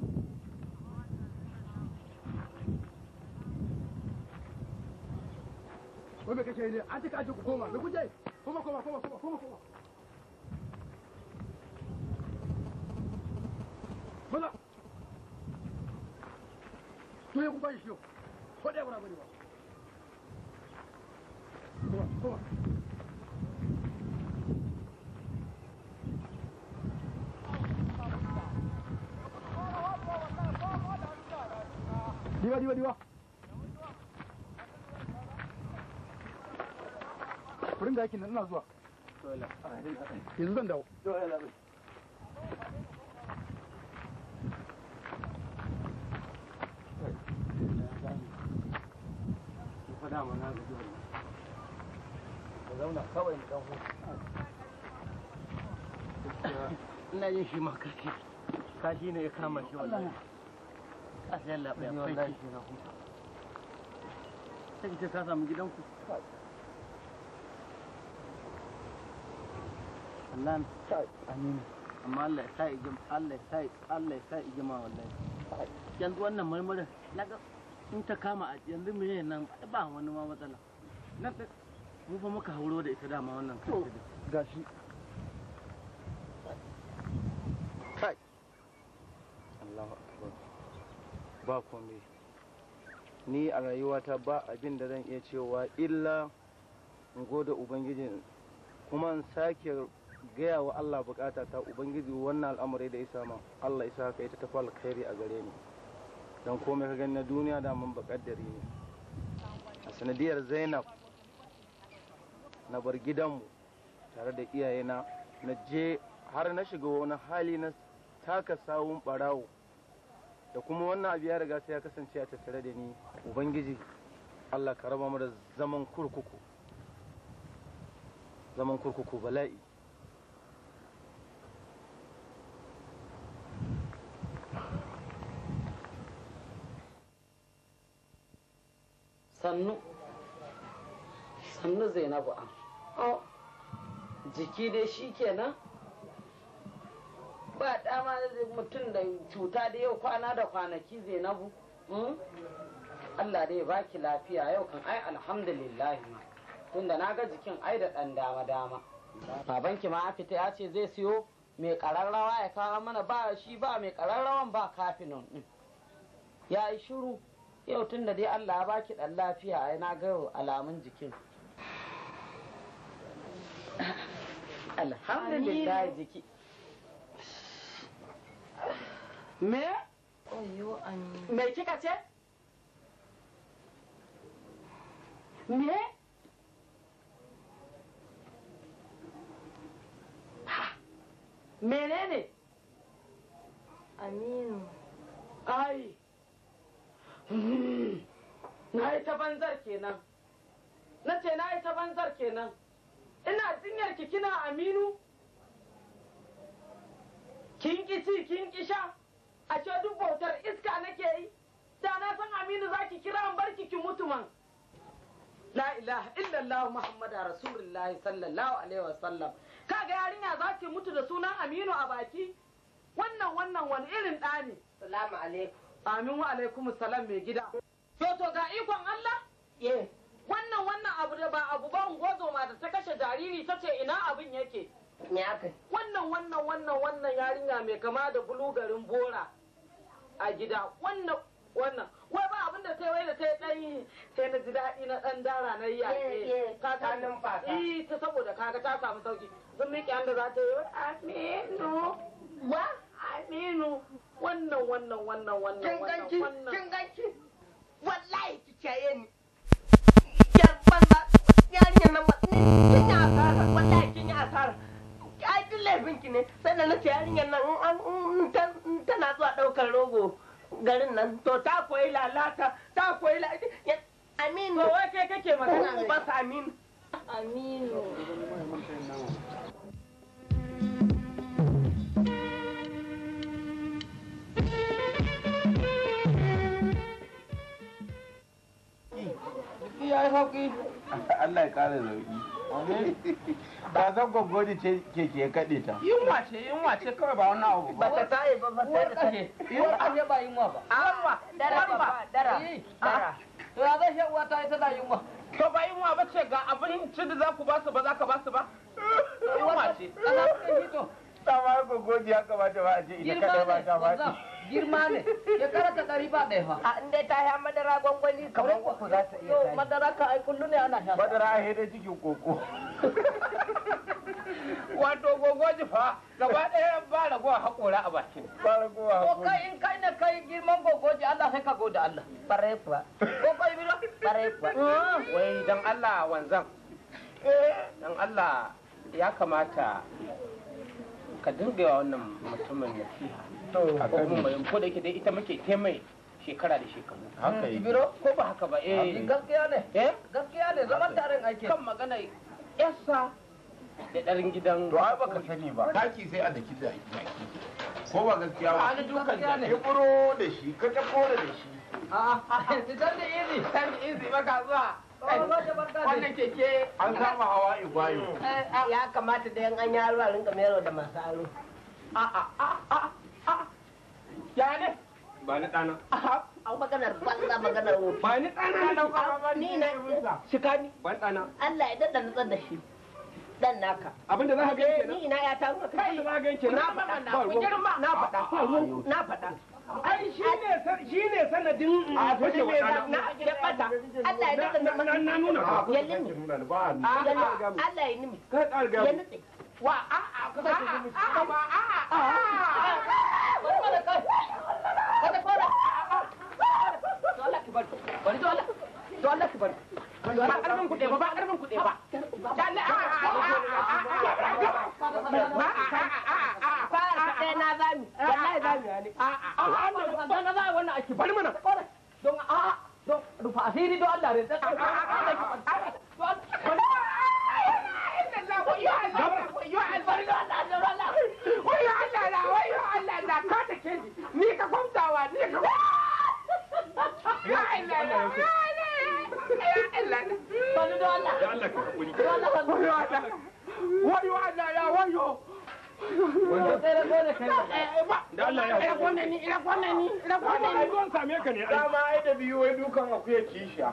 wai bai kake ne a tika ji ku koma da kujai before. Diwa, diwa, diwa. Kurin da aikin ina Yanzu zan dawo. zauna kawai mu dan huta ina yin shi ma kashi kashi ne ya kama shi wallahi asiyan labai a kai shi na huta sai ce ka samu gidanku Allah sai amina amma Allah ya Allah ya Allah ya ijima wallahi yanzu wannan marmarin naga in ta kama a yanzu nan ba wani ma matsala mu muka hauro da ita dama wannan kantin. gashi kai Allahu akbar ba komai ni a rayuwata ba abin da zan iya cewa illa in gode ubangiji kuma in sake gaya wa Allah bukata ta ubangiji wannan al'amari da ya sama Allah ya saka ita tafi alkhairi a gare ni dan komai ka gani na duniya da mun bakaddari ne a sanadiyar Zainab na bar gidanmu tare da iyayena na je har na shiga wani hali na taka sawun barawo da kuma wannan abu ya riga sai ya kasance a tattare da ni ubangiji allah ka raba mu da zaman kurkuku zaman kurkuku bala'i sannu sannu zainabu an Oh. jiki dai shi kenan ba dama mutum da cuta da yau kwana da kwanaki zainabu hmm? Allah dai baki lafiya yau kan ai alhamdulillah ma tunda na ga jikin ai da ɗan dama dama babanki ma a fita ya ce zai siyo mai ƙararrawa ya kawo mana ba shi ba mai ƙararrawan ba kafinan ɗin ya yi shiru yau tunda dai Allah ya baki ɗan lafiya ai na ga alamun jikin [LAUGHS] alhamdulillah jiki me me kika ce me menene aminu ai hmm. na yi ta banzar kenan na ce na yi ta banzar kenan ina jinyar ki kina aminu kin ki ci kin ki sha ce duk bautar iska nake yi da na san aminu za ki kira an barki ki mutu man la ilaha illallah muhammadu rasulullahi sallallahu alaihi wasallam kaga yarinya za ki mutu da sunan aminu a baki wannan wannan wani irin ɗa ne salamu alaikum amin wa alaikum salam mai gida to to ga ikon allah eh wannan wannan abu da ba abu ba ungozo ma da ta kashe jariri ta ce ina abin yake me aka wannan wannan wannan wannan yarinya mai kama da bulugarin bora a gida wannan wannan wai ba abin da sai wai da sai dai sai na ji daɗi na dan dara na yaƙe ta ta numfasa eh ta saboda kaga ta samu sauki zan miƙe an da za ta yi aminu wa aminu wannan wannan wannan wannan wannan wannan kin ganki wallahi kiyaye ni abinki ne sai da nace yarinyar nan tana zuwa daukar rogo garin nan to ta koyi lalata ta koyi lalata amin to wai kai kake magana ne ba amin amin ya Allah ya ba zan gwaggwani ce ke ke kaɗe ta yunwa ce yunwa ce kawai ba wani abu ba ta taye ba ba ta taye yunwa ce ba yunwa ba amma ah, dara ba dara eh, dara ah. to ya zai uwa ta ita da yunwa to ba yunwa ba ce ga abincin da za ku ba su ba za ka ba su ba yunwa ce ana kuka hito ta ma gwaggwani ya kamata ba a ce ita kaɗai ba ta ba girma ne ya ta ɗari ba ɗaya fa. A inda ta sha madara gwangwani kamar ko za ta iya tashi. Madara ka ai kullu ne ana sha. Madara a hede cikin koko. [LAUGHS] Wato gogoji fa gaba ɗaya ba ragowa haƙora a bakin. Ba ragowa haƙora. Ko kai in kai na kai girman gogoji Allah sai ka goda Allah. Bare kuwa. Ko kai bi Bare kuwa. [LAUGHS] Wai dan Allah wanzan. Eh. Dan Allah ya kamata ka dinga wannan mutumin nasiha. to ko kuma ko da yake dai ita muke taimai shekara da shekaru. Haka yi. Biro ko ba haka ba eh. Gaskiya ne. Eh? Gaskiya ne zaman taron aiki. Kan magana yasa da ɗarin gidan. To ai baka sani ba. Taki sai a da kida Ko ba gaskiya ba. Ana dukan da ne. Kuro da shi ka ta kore da shi. A'a, ah, ah, [LAUGHS] idan da izi, dan izi baka zuwa. Oh, Wannan keke. An kama hawa igwayo. Eh, ah, ya kamata da yan an yi aro a rinka mero da masu aro. A'a, a'a, a'a. ya ne ba ni ɗana a maganar banza maganar wofi ba ni ɗana na ɗauka ni na shika ni ban ɗana Allah ya daɗa nutsar da shi dan naka abin da za ka gani eh, kenan ni ina ya ta ruwa kai da za ka gani kenan na faɗa ku girma na faɗa na faɗa ai shi ne sanadin mm, a fashe wa na ya bata Allah ya daɗa nutsar da shi na nuna ba yallin Allah ya nimi kai ƙarga wa a'a ba a'a ba Gabra wayo Allah da ne dama ai da biyu wai dukan akuya kishiya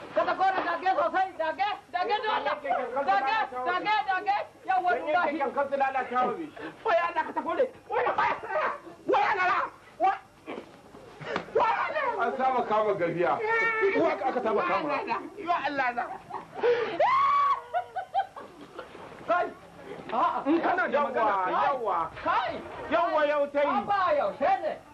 [LAUGHS] ka ta kora dage sosai wa an kama kama in kana da magana yawa kai yawa yau tai ba ne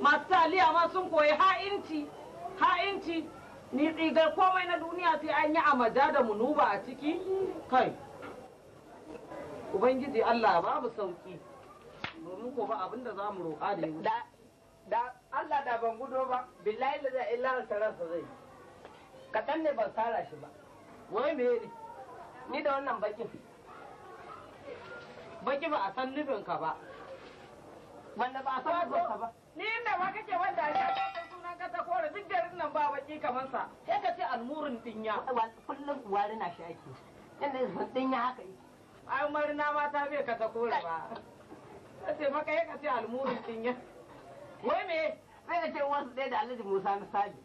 masu taliya ma sun koyi ha'inci ha'inci ni tsigar komai na duniya sai an yi amada da munuba a ciki kai ubangiji allah babu sauki domin ko ba abin da za mu roƙa da yi da allah da ban gudo ba billahi da zai illa ransa, zai kaɗan ne ban sara shi ba wai me ne ni da wannan bakin baki ba a san nufinka ba wanda ba a san nufinka ba ma kake wanda ya san sunan kasa kore duk garin nan ba baki kamar sa sai ka ce almurin dinya kullum wari na zan dinya haka yi ai marina ma ta bai kasa kore ba sai maka ya kace almurin dinya wai me sai ka ce wasu ɗaya da Alhaji Musa misali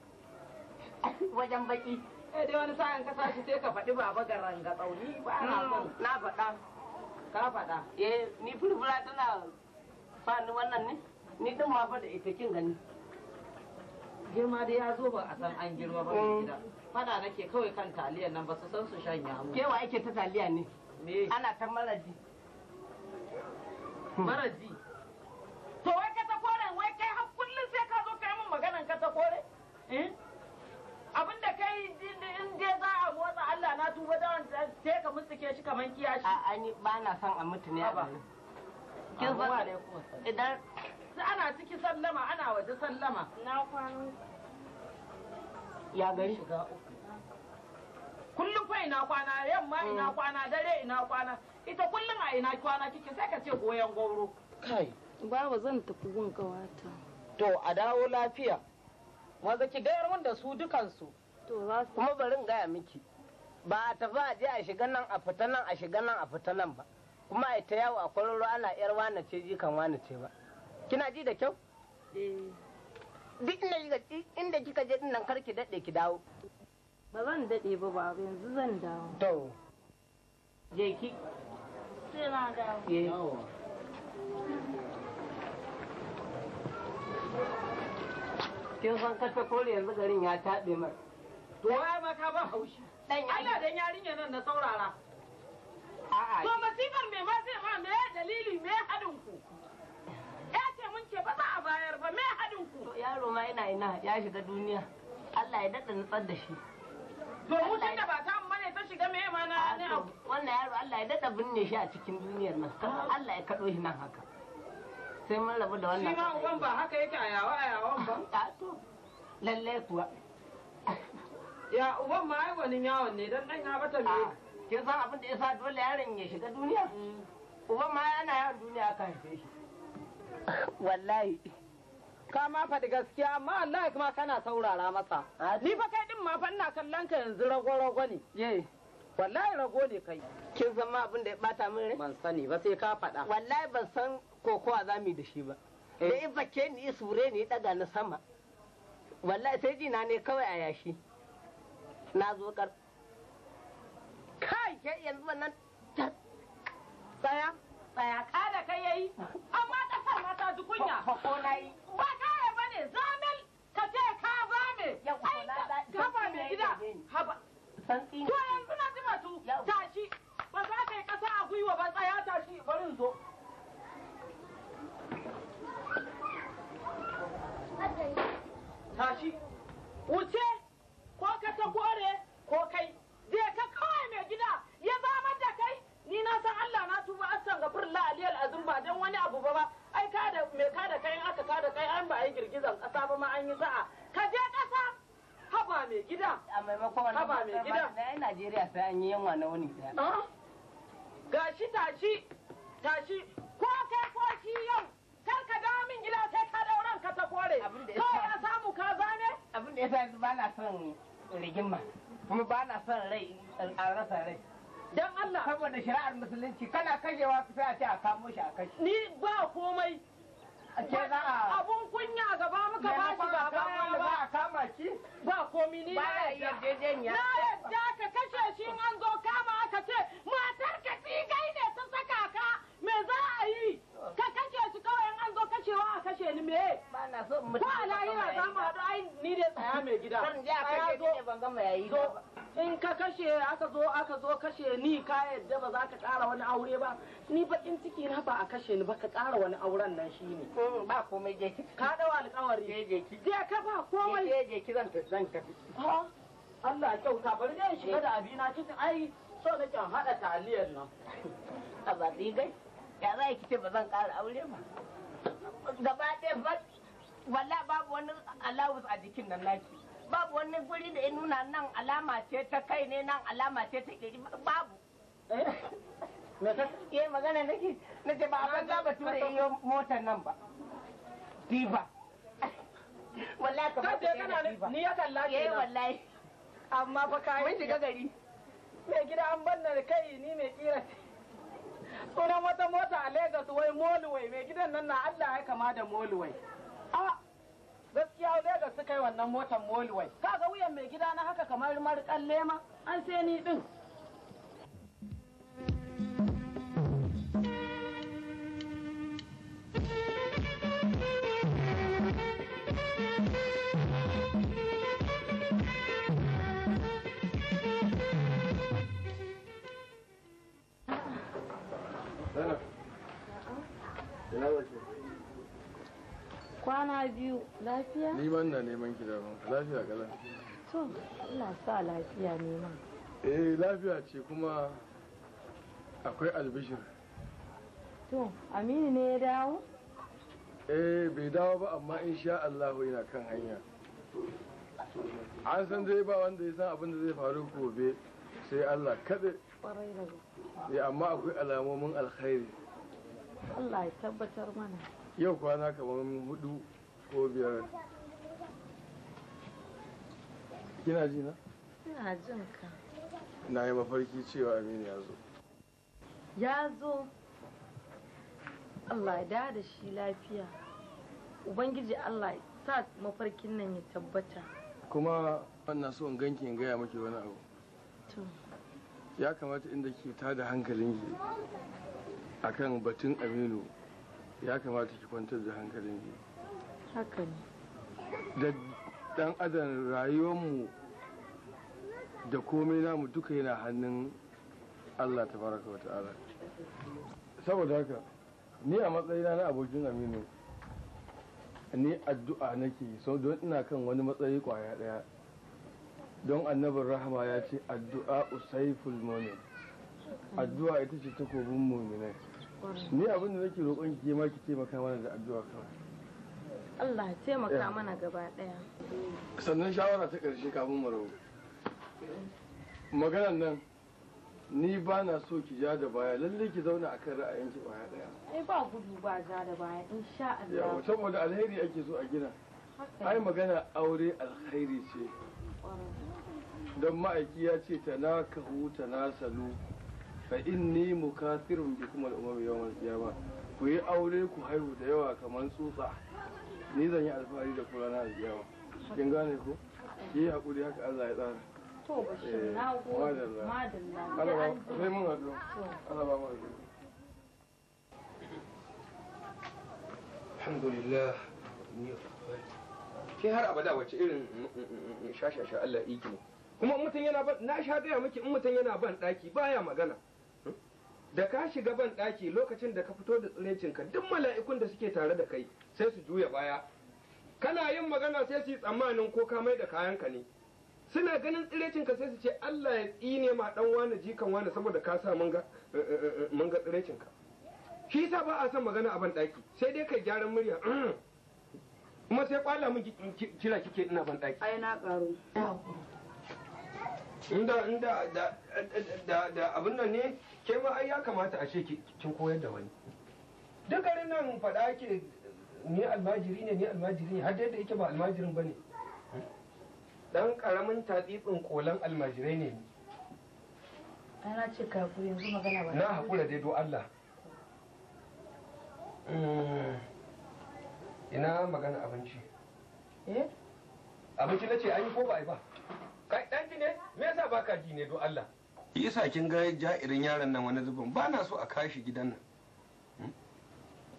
wajen baki eh dai wani sa'an ka sashi sai ka faɗi baba garan ga tsauni ba na son hmm, na faɗa ka faɗa eh ni furfura tana ba wannan ne ni din ma fa da ita kin gani girma da ya zo ba a san an girma ba mm. gida fada nake kawai kan taliyan nan ba su san su shan yamu. Ke wa ake ta taliya ne ana ta maraji hmm. maraji to wai ka ta kore wai kai har kullun sai ka zo kai mun maganan ka ta kore eh abinda kai in dai za a motsa Allah na tuba da sai ka mutsuke shi kaman kiyashi a ani ba na son a mutu ne kin san idan ana ciki sallama ana waje sallama na kwano ya gari shiga uku kullum fa ina kwana yamma mm. ina kwana dare ina kwana ita kullum a ina kwana kike sai ka ce goyon gauro kai babu zan tafi gun kawata to a dawo lafiya maza ki gayar mun da su dukansu to za su kuma barin gaya miki ba a tafi a je a shiga nan a fita nan a shiga nan a fita nan ba kuma a ta yawo a kwararo ana yar wani ce jikan wani ce ba kina ji da kyau eh. duk inda kika je dinnan kar ki daɗe ki dawo ba zan daɗe ba ba yanzu zan dawo to je ki sai na dawo kin san kasa kore yanzu garin ya tabe mai to ai ma ka ba haushi dan yarinya nan na saurara To masifar me ma zai ma me dalili me haɗin ku? Ya ce mun ce ba za a bayar ba me haɗin ku? Yaro ma yana ina ya shiga duniya. Allah ya daɗa nutsar da shi. To hutun da ba ta mu bane ta shiga me ma na Wannan yaro Allah ya daɗa binne shi a cikin duniyar nan. Allah ya kaɗo shi nan haka. Sai mun rabu da wannan. Shi ma uban ba haka yake a yawa a yawan ba. [LAUGHS] to lallai kuwa. Ya uban ma ai gwanin yawon ne dan ɗan ya bata me. kin san abin da ya sa dole yaron ya shiga duniya uban ma yana yawan duniya aka haife shi wallahi ka ma faɗi gaskiya amma Allah kuma kana saurara masa ni fa kai din ma fa ina kallon ka yanzu rago rago ne wallahi rago ne kai kin san ma abin da ya bata min rai ban sani ba sai ka faɗa wallahi ban san kokowa za mu yi da shi ba eh. da in bake ni sure ni daga na sama wallahi sai jina ne kawai a yashi na zo kar kai ke yanzu wannan tsaya tsaya kada kai yayi amma sa mata ji kunya ko na yi rigima kuma ba na son rai a rasa rai dan Allah saboda shari'ar musulunci kana kashewa sai a ce a kamo shi a kashi ni ba komai abun kunya gaba muka ba shi ba ba ba ba a kama shi ba komi ni ba na yarda na yarda ka kashe shi an zo kama aka ce matar ka tigai ne ta saka ka me za a yi cewa a kashe ni me? Ba na so mutum. Ko a lahira za mu haɗu ai ni dai tsaya mai gida. Kan ja kashe ne ban gama yayi ba. In ka kashe aka zo aka zo kashe ni ka yadda ba za ka ƙara wani aure ba. Ni baƙin ciki na ba a kashe ni ba ka ƙara wani auren nan shi ne. Mm, ba komai je ki. Ka ɗau alƙawari. Je je ki. Je ka ba komai. Je je ki zan tafi zan tafi. Allah kyauta bari zan shiga da abina cikin ai so na kyan haɗa taliyar nan. A [LAUGHS] ba dai ya za ki ce ba zan ƙara aure ba. gaba ɗaya ba walla babu wani allowance a jikin nan naki babu wani guri da ya nuna nan alama ce ta kai ne nan alama ce ta kiri babu eh magana nake na ce ba a banza ba tura iyo motar nan ba diba wallahi ka ba ta ni ya kalla eh, ke wallahi amma fa kai mun shiga gari mai gida an banna da kai ni mai kira sunan wata mota a Legas wai Moluwai mai gidan nan na Allah ya kama da Moluwai. A gaskiya Legas suka yi wannan motan Moluwai. Kaga wuyan mai gida na haka kamar marƙan lema an sai ni din. Kwana biyu lafiya? Liman na neman gida ba lafiya kala. To, ina sa lafiya neman. Eh lafiya ce kuma akwai albishir. To, Aminu ne ya dawo? Eh bai dawo ba amma insha Allah yana kan hanya. An san zai ba wanda ya san abin da zai faru gobe sai Allah kaɗai. ya eh, amma akwai alamomin alkhairi Allah ya tabbatar mana yau kwana kamar hudu ko biyar kina ji na? ina jin ka na yi mafarki cewa aminu ya zo ya zo Allah ya da shi lafiya ubangiji Allah ya sa mafarkin nan ya tabbata kuma wannan so in ganki in gaya maki wani abu ya kamata inda ke tada hankalin ki akan batun aminu ya kamata ki kwantar da hankalin ki haka da dan adam rayuwarmu da komai namu duka yana hannun allah ta baraka wa ta'ala saboda haka ni a matsayina na abokin aminu ni addu'a nake so don ina kan wani matsayi kwaya daya don annabin rahama ya ce addu'a usaiful mumin addu'a ita ce takobin muminai ni abin da nake roƙon ki ma ki taimaka mana da addu'a kawai Allah ya taimaka mana gaba ɗaya sannan shawara ta ƙarshe kafin mu rabu maganar nan ni ba na so ki ja da baya lalle ki zauna a kan ki baya ɗaya ai ba gudu ba ja da baya insha Allah saboda alheri ake so a gina ai magana aure alheri ce don ma'aiki ya ce na na salu fa inni mu bikum bi kuma al'umar al-qiyama ku yi aure ku haihu da yawa kamar tsutsa ni zan yi alfahari da kura na al-qiyama kin gane ko yi haƙuri haka Allah ya tsara to bashir eh, na gode madalla mun haɗu Allah ba mu alhamdulillah ke har abada wace irin shashasha mm, mm, mm, Allah yake kuma mutum yana ban na sha gaya miki in mutum yana ban daki baya magana da ka shiga ban daki lokacin da ka fito da tsirecinka duk mala'ikun da suke tare da kai sai su juya baya kana yin magana sai su yi tsammanin ko ka mai da ka ne suna ganin tsirecinka sai su ce Allah ya tsine ma dan wani jikan wani saboda ka sa mun ga eh, eh, eh, tsirecinka shi yasa ba a son magana a ban daki sai dai kai gyaran murya [CLEARS THROAT] kuma sai kwala mun kira kike ina ban daki ai na karo inda inda da da abin nan ne ke ma ai ya kamata a ce kin koyar da wani duk garin nan faɗa ke ni almajiri ne ni almajiri ne har da yake ba almajirin bane dan karamin tatsitsin kolan almajirai ne ana ce ka ku yanzu magana ba na hakura dai do Allah hmm, ina magana abinci eh abinci nace an yi ko ba ai ba kai danki ne me yasa baka ji ne do Allah yasa kin ga ja'irin yaron nan wani zubin ba na so a kashi gidan nan hmm?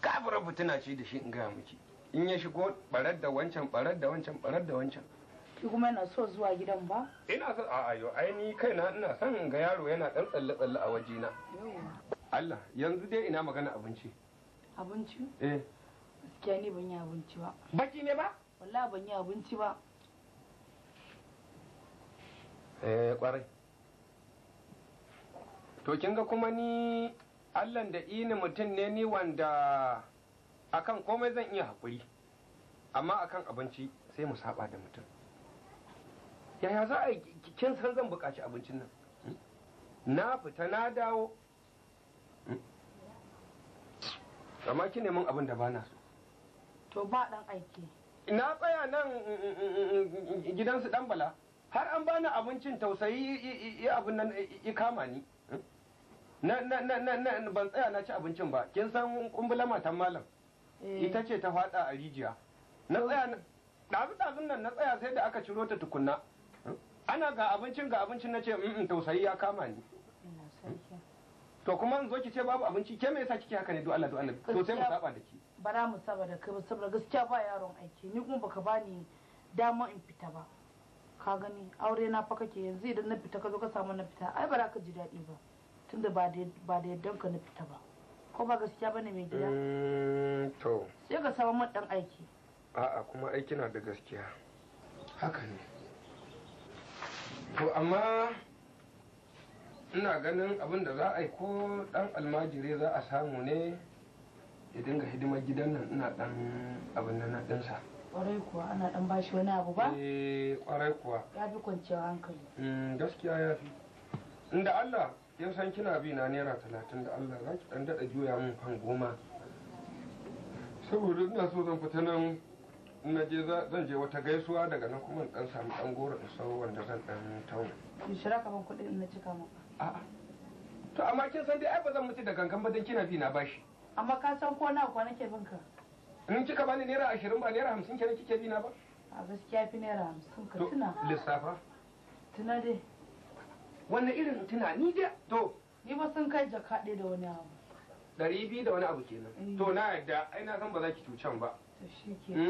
kafirar fitina ce da shi in gaya miki in ya shigo barar da wancan barar da wancan barar da wancan ki kuma na so zuwa gidan ba ina so a'a yo ai ni kaina ina son ga yaro yana dan tsalle tsalle a wajena Allah yanzu dai ina magana abinci abinci eh gaskiya ni ban yi abinci ba baki ne ba wallahi ban yi abinci ba eh kwarai to kin ga kuma ni allan da ini mutum ne ni wanda akan komai zan iya haƙuri amma akan abinci sai mu saba da mutum yaya za a kin san zan buƙaci abincin nan na fita na dawo amma ki neman abin da bana so to ba dan aiki na tsaya nan mm, mm, mm, gidansu dan bala har an bani abincin tausayi ya abin nan ya kama ni na na na na ban tsaya na ci abincin ba kin san kumbula matan malam eh. ita ce ta fada a rijiya na tsaya dazu dazun nan na tsaya sai da aka ciro ta tukunna ana ga abincin ga abincin na ce mm, mm tausayi ya kama ni to kuma in zo ki ce babu abinci ke me yasa kike haka ne do Allah do Allah to sai mu saba da ki bara mu saba da kai saboda gaskiya ba yaron aiki ni kuma baka bani dama in fita ba ka gani aure na fa kake yanzu idan na fita ka zo ka samu na fita ai ba za ka ji daɗi ba tunda ba da yadda ka na fita ba ko ba gaskiya bane mai gida mm, to sai ka samu man dan aiki a'a kuma aiki na da gaskiya haka ne to amma ina ganin abin da za a yi ko dan almajiri za a samu ne ya dinga hidimar gidan nan ina dan abin nan ɗinsa. kwarai kuwa ana dan bashi wani abu ba eh kwarai kuwa ya fi kwanciyar hankali hmm, gaskiya ya fi inda Allah ya san kina bi na naira talatin da Allah za ki dan dada juya min fan goma saboda ina so zan fita nan na je zan je wata gaisuwa daga nan kuma dan samu dan goro da sau wanda zan dan tauna ki shira ka ban kuɗi in na cika maka a'a to amma kin san dai ai ba zan mutu da gangan ba dan kina bi na bashi amma ka san ko na kwana ke binka in kika bani naira ashirin ba naira hamsin kenan kike bi na ba a gaskiya fi naira hamsin ka tuna lissafa tuna dai wanne irin tuna ni dai to ni ba sun kai jaka ɗaya da wani abu ɗari biyu da wani abu kenan eh. to na yadda ai na san ba za ki cucan ba to shi ke dan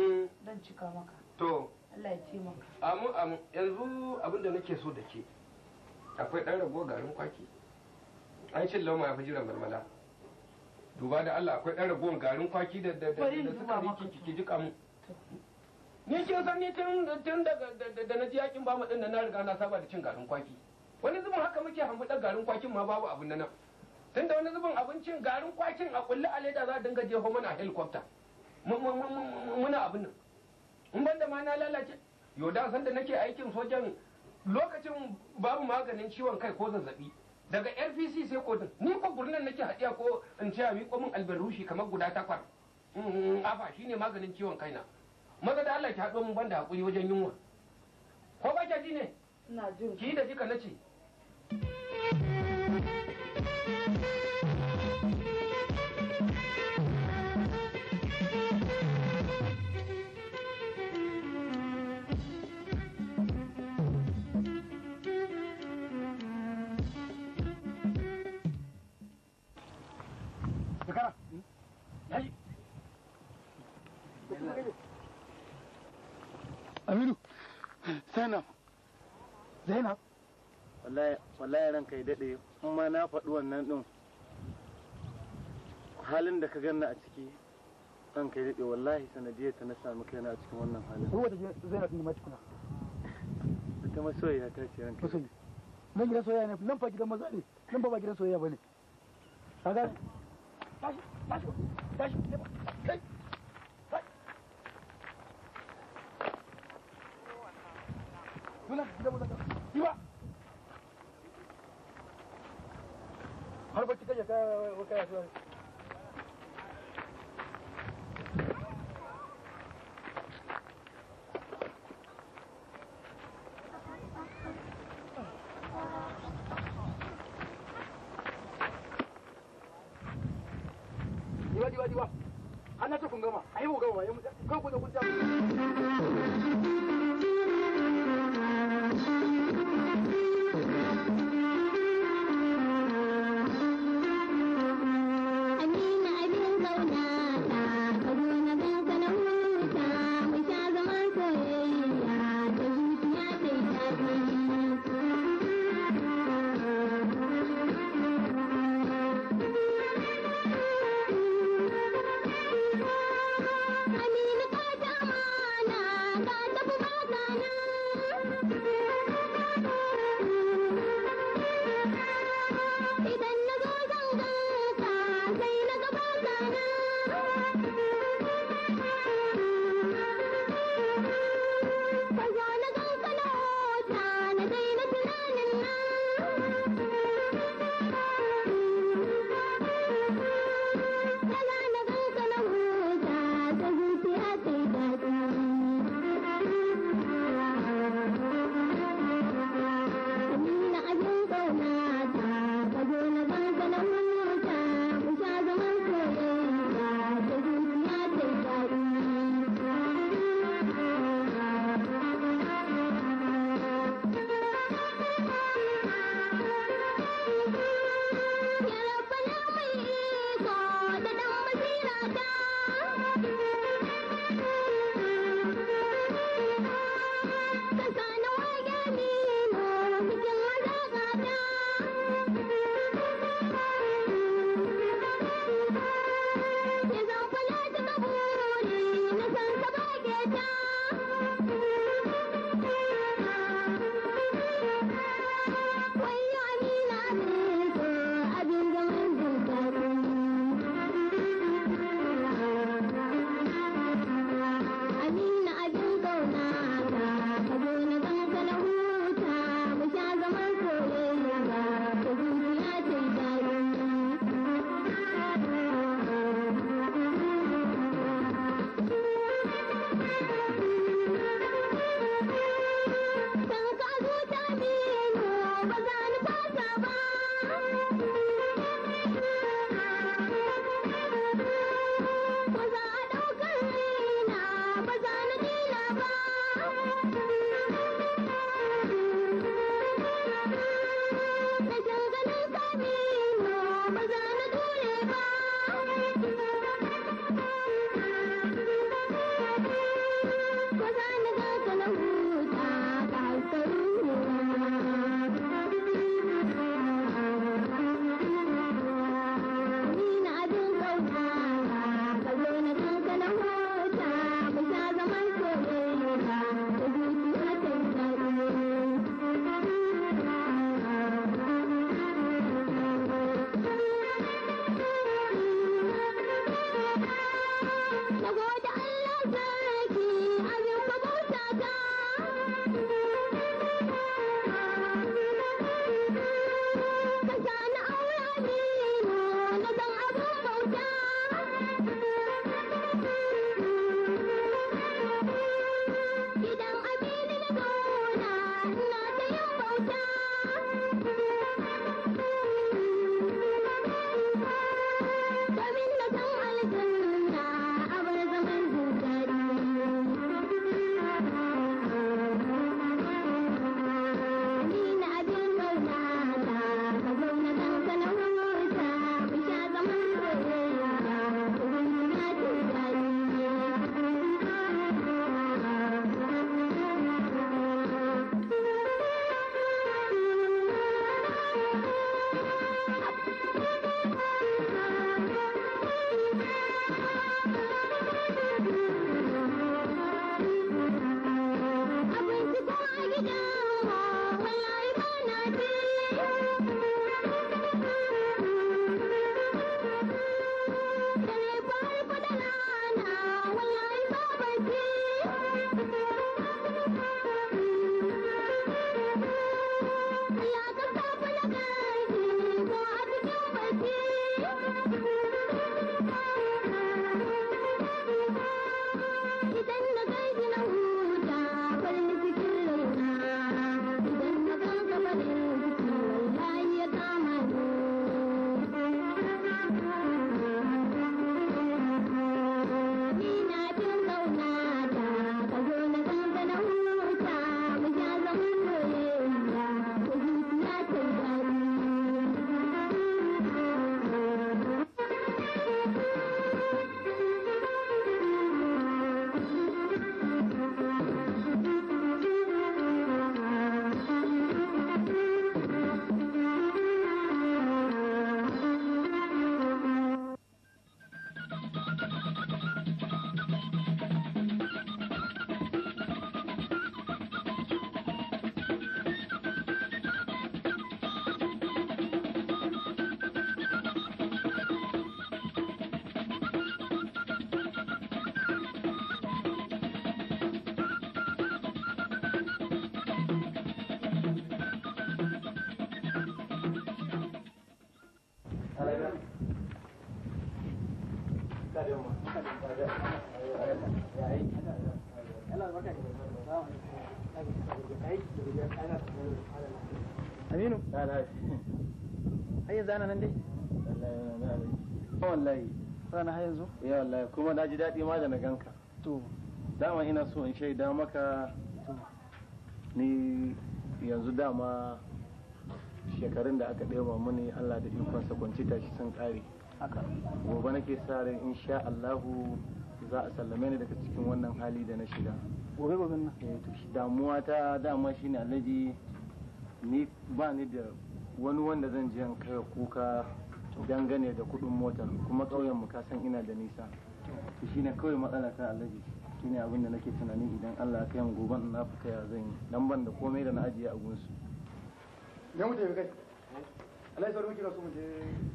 hmm. cika maka to Allah ya taimaka amu amu yanzu abin da nake so da ke akwai ɗan rago garin kwaki an cin lauma ya fi jiran malmala duba da Allah akwai ɗan ragowar garin kwaki da da da suka kiki jika mu ni kin san ni tun tun da da na ji yakin ba mu din na riga na saba da cin garin kwaki wani zubin haka muke hambuɗar garin kwakin ma babu abun nan tun da wani zubin abincin garin kwakin a kulli a leda za a dinga jeho mana helicopter muna abin nan in ban da ma na lalace yau da san da nake aikin sojan lokacin babu maganin ciwon kai ko zazzabi daga rpc sai kotun ni ko gurnan nake hadiya ko in ce mi ko min albarushi kamar guda takwar mm, afa shine maganin ciwon kaina maza da Allah ki haɗo mun banda hakuri wajen yunwa ko ba ki ji ne ina jin ki da kika nace ranka ya daɗe ma na faɗi wannan ɗin halin da ka ganna a ciki ranka ya daɗe wallahi sanadiyar ta na sami kaina a cikin wannan halin. Ko wata zainab ne mace kuna? Ita ma ta ce ranka. Masoyi. Nan gidan soyayya ne, nan fa gidan maza ne, nan fa ba gidan soyayya ba ne. Ka gane? Tashi, tashi, tashi, kai. Olha, vou te dizer, eu quero... tana nan dai wallahi sana har yanzu ya wallahi kuma na ji daɗi ma da na ganka to dama ina so in shaida maka ni yanzu dama shekarun da aka ɗaya mini Allah da ikon sakwanci tashi sun ƙare gobe nake sa ran insha Allahu za a sallame ni daga cikin wannan hali da na shiga gobe gobe na eh, damuwa ta dama shine alaji ni ba ni da wani wanda zan je kai kuka dangane da kudin motar kuma kauyen mu kasan ina da nisa to shine kawai matsala ta alaji shine abin da nake tunani idan Allah ya kai mu goban na fita ya zan yi dan ban da komai da na ajiye a gunsu dan mu je kai Allah ya muke so mu je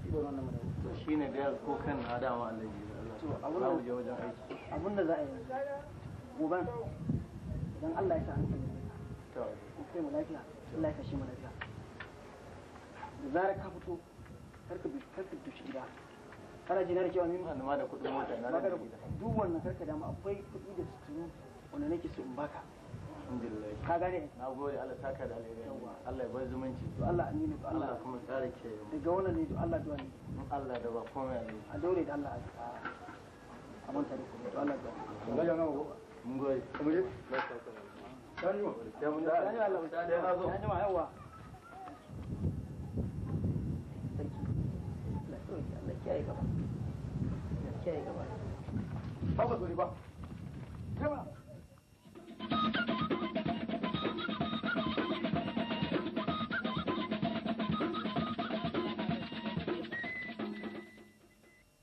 ibo nan mu to shine ga ko kan na da ma alaji to abun da je wajen aiki abun da za a yi goban idan Allah ya sa hankali to mu lafiya Allah ya kashi mu lafiya zarar ka fito karka karka dushi gida kana ji na da wani mutum ma da kuɗin mota na da duk wannan karka damu akwai kuɗi da suturu wanda nake so in baka alhamdulillah ka gane na gode Allah saka da alheri Allah ya bar zumunci to Allah aminu to Allah kuma tsare ke daga wannan ne to Allah duwa ne Allah da ba komai ne a dole da Allah a manta da ku to Allah duwa ga yana go mun gode kuma je dan yi wa dan yi wa Allah dan yi wa yawa kiyaye gaba kiyaye gaba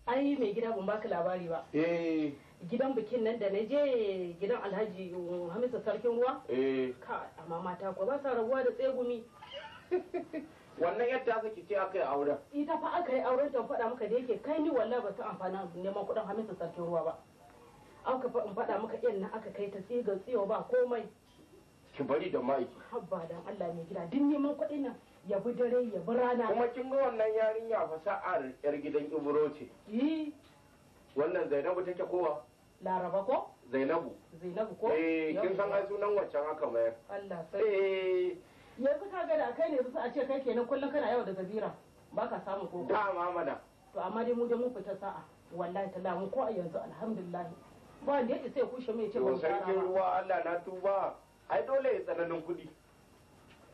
ai mai gida ban baka labari ba eh gidan bikin nan da na je gidan alhaji uh, hamisa sarkin ruwa eh ka amma mata ko ba sa rabuwa da tsegumi [LAUGHS] wannan yadda aka ki ce aka yi auren ita fa aka yi auren ta faɗa maka da yake kai ni wallahi ba su amfana neman kuɗin hamisa sarkin ruwa ba aka fa faɗa maka yan nan aka kai ta tsiga tsiyo ba komai ki bari da ma'aiki habba dan Allah mai gida duk neman kuɗin nan ya bi dare ya bi rana kuma kin ga wannan yarinya fa sa'ar yar gidan Ibro ce eh wannan Zainabu take kowa Laraba ko Zainabu Zainabu ko eh kin san ai sunan waccan aka mayar Allah sai eh yanzu ka gada kai ne su a ce kai kenan kullum kana yau da zabira ba ka samu koko da mamada to amma dai mu da mun fita sa'a wallahi ta mun ko a yanzu alhamdulillah ba ni yake sai kushe mai ce ba sai ruwa Allah na tuba ai dole ya tsananin kuɗi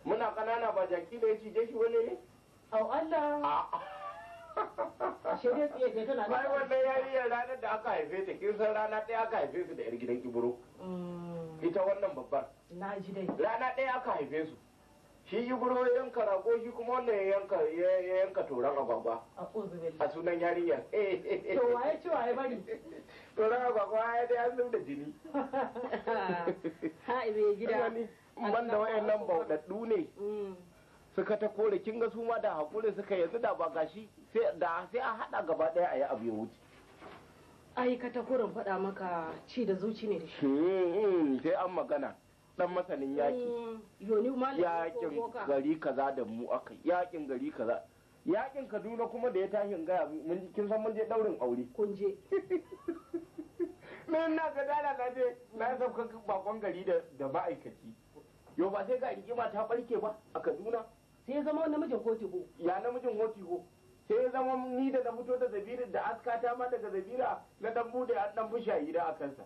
muna kanana ba jaki da shi je shi wani ne au Allah a shirya tsaye ke tana ya wannan yariyar ranar da aka haife ta kin san rana ɗaya aka haife su da yar gidan kiburo mm. ita wannan babbar na ji dai rana ɗaya aka haife su shi yi gurwa yanka rago shi kuma wannan ya yanka ya yanka toran agwagwa a sunan yarinya to waye ci bari [LAUGHS] toran agwagwa ya dai an da jini ha ibe gida man da wayannan bauɗaɗɗu ne mm. suka ta kore kin ga su ma da hakuri suka yanzu da ba gashi sai da sai a hada gaba daya a yi abu ya wuce ai ka ta kurin faɗa maka ci da zuci ne da shi hmm, hmm, sai an magana dan masanin yaki mm. yakin gari kaza da mu aka yakin gari kaza yakin kaduna kuma da ya tashi gaya mun kin san mun je daurin aure kun je [LAUGHS] men na ga dala na je na sauka bakon gari da da ma'aikaci yo ba sai ga rigima ta barke ba a kaduna sai ya zama namijin hotigo ya namijin hotigo sai ya zama ni da na fito da zabira da aska ta ma daga zabira na dan bude an dan bushayi da akansa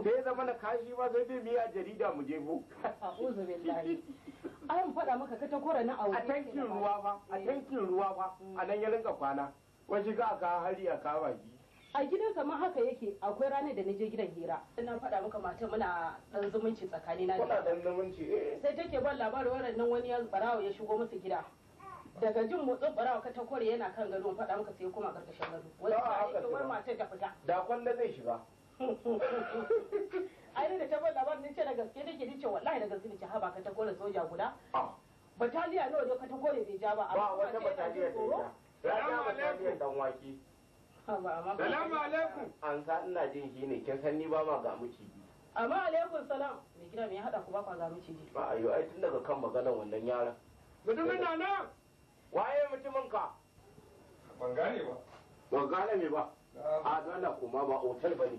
sai zama na kashi ba sai dai miya jarida mu je mu a'udhu billahi an faɗa maka ka ta kora na aure a tankin ruwa fa a eh. tankin ruwa fa a nan ya rinka kwana wani ga ka hari a kawa gi a gidan ma haka yake akwai ranar da na je gidan hira na faɗa maka mata muna dan zumunci tsakani na kuna dan zumunci eh. sai take ban labarin wannan wani ya barawo ya shigo musu gida daga jin motsin barawa ka ta kore yana kan gado faɗa maka sai kuma karkashin gado wani matar da fita da kwalla zai shiga ai da ta bar labarin ni ce da gaske nake ce wallahi da gaske nake haba ka ta kore soja guda ah. bataliya nawa ne ka ta kore bai ja ba ba wata bataliya ne ya ja bataliya dan waki salamu alaikum an sa ina jin shi ne kin san ni ba ma ga miki amma alaikum salam me gida me ya hada ku ba ka ga miki ji ba ayo ai tun daga kan maganar wannan yaran mutumin na nan waye mutumin ka ban gane ba ban gane me ba a dole kuma ba otal ba ne.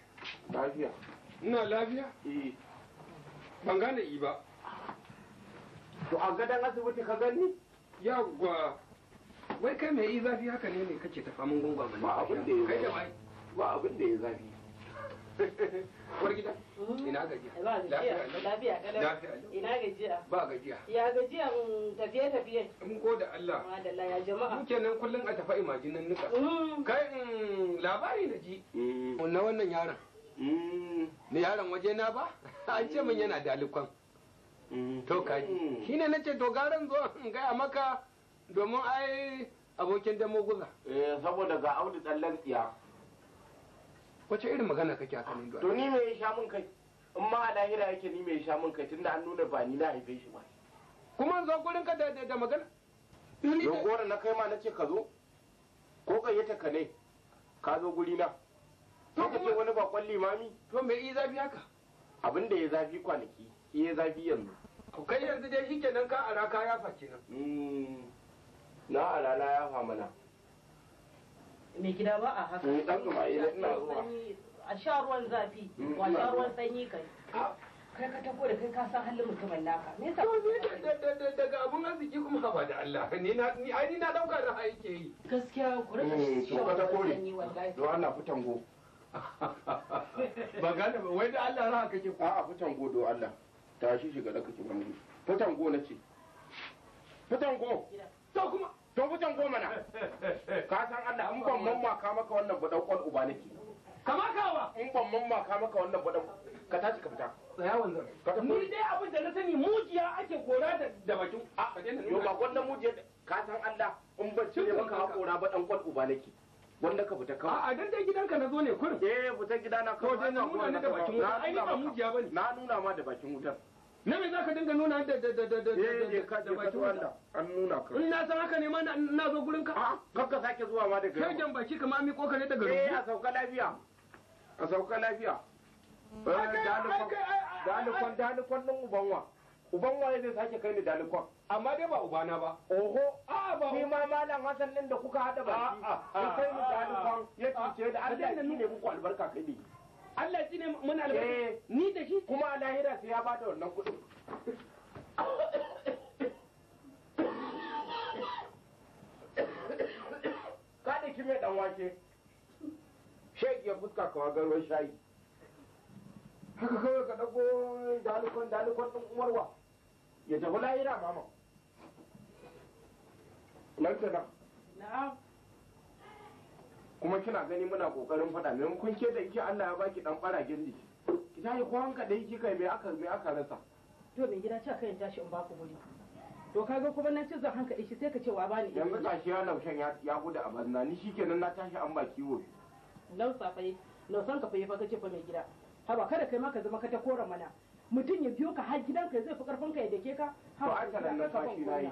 lafiya ina lafiya eh ban gane i ba to a gadon asibiti ka gani yawwa wai kai mai yi zafi haka ne ne kace ta famin gungun ba ba abin da ya zafi ba abin da ya zafi war gida mm-hmm. ina gajiya ba gajiya lafiya ina gajiya ba gajiya ya gajiya mm, mun tafiye tafiye mun ko da Allah ma madalla ya jama'a muke nan kullun a tafa imajinan nuka mm. kai mm, labari da ji na wannan yaron ni yaron waje na ba [LAUGHS] an ce min yana da alikwan to kaji ne nace to garan zo in gaya maka domin ai abokin damo guza eh saboda ga audi tsallan tsiya wace irin magana kake a kanin to ni mai sha mun kai in ma a lahira yake ni mai sha mun kai tunda an nuna ba ni na haife shi ba kuma zo gurin ka da magana Yau gora na kai ma nace ka zo ko gayyata ka ne ka zo guri na ko ka ce wani bakon limami to me yi zafi haka abin da ya zafi kwanaki ya zafi yanzu to kai yanzu dai shi kenan ka ara ka yafa kenan hmm, na ara na yafa mana me gida ba a haka dan hmm, kuma eh, ina zuwa a sha ruwan zafi hmm, wa sha ruwan sanyi kai kai ka tako da kai ka san halin mutumin naka me yasa daga abun arziki kuma ba da Allah ni na ni ai ni na dauka da haike yi gaskiya ku rika shi ka tako ne don Allah fitango ba gane ba wai da Allah raha kake ko a'a fitan go do Allah tashi shiga da kake bangu fitan go nace fitan go to kuma to fitan go mana ka san Allah in ban mamma ka maka wannan badan kwal uba nake kama kawa in ban mamma ka maka wannan badan ka tashi ka fita tsaya wanzan ni dai abin da na sani mujiya ake kora da bakin a ka daina ba wannan mujiya ka san Allah in ban cire maka hakora ba dan kwal uba nake wanda ka fita kawai a dan dai gidanka na zo ne kurin eh fita gida na kawai to dan nuna ni da bakin wuta ai ba mujiya bane na nuna ma da bakin wutar na me zaka dinga nuna da da da da da da eh, bakin wuta an nuna ka Ina san haka ne ma na zo gurin ka a ka sake zuwa ma daga kai jan baki kamar mi kokare daga rubu eh a sauka lafiya a sauka lafiya dalikon eh, dalikon dalikon din ubanwa ubanwa zai sake kai ni dalikon amma dai ba ubana ba oho a ba ni ma malam hasan din da kuka hada ba ni kai mu da kan ya tuce da Allah ya ne muku albarka kai ne Allah ya ne mun albarka eh. ni da shi kuma a lahira sai ya da wannan kudin ka da ki mai dan wake shek ya fuska kawa garwar shayi haka kawai ka dago dalukon dalukon din umarwa ya tafi lahira mama ta na'am kuma kina gani muna kokarin faɗa mai kun ke da kike Allah ya baki dan fara gindi ki tashi ko hanka dai kika mai aka mai aka rasa to me gida cewa kai tashi in ba ku guri to kaga kuma na ce zan hanka shi sai ka ce wa bani yanzu tashi ya laushen ya gudu a banna ni shikenan na tashi an ba kiwo safai fa san ka fa fa kace fa mai gida haba kada kai ma ka zama ka ta kora mana mutum ya biyo ka har gidanka zai fi karfin ka ya dake ka haba an ka na yi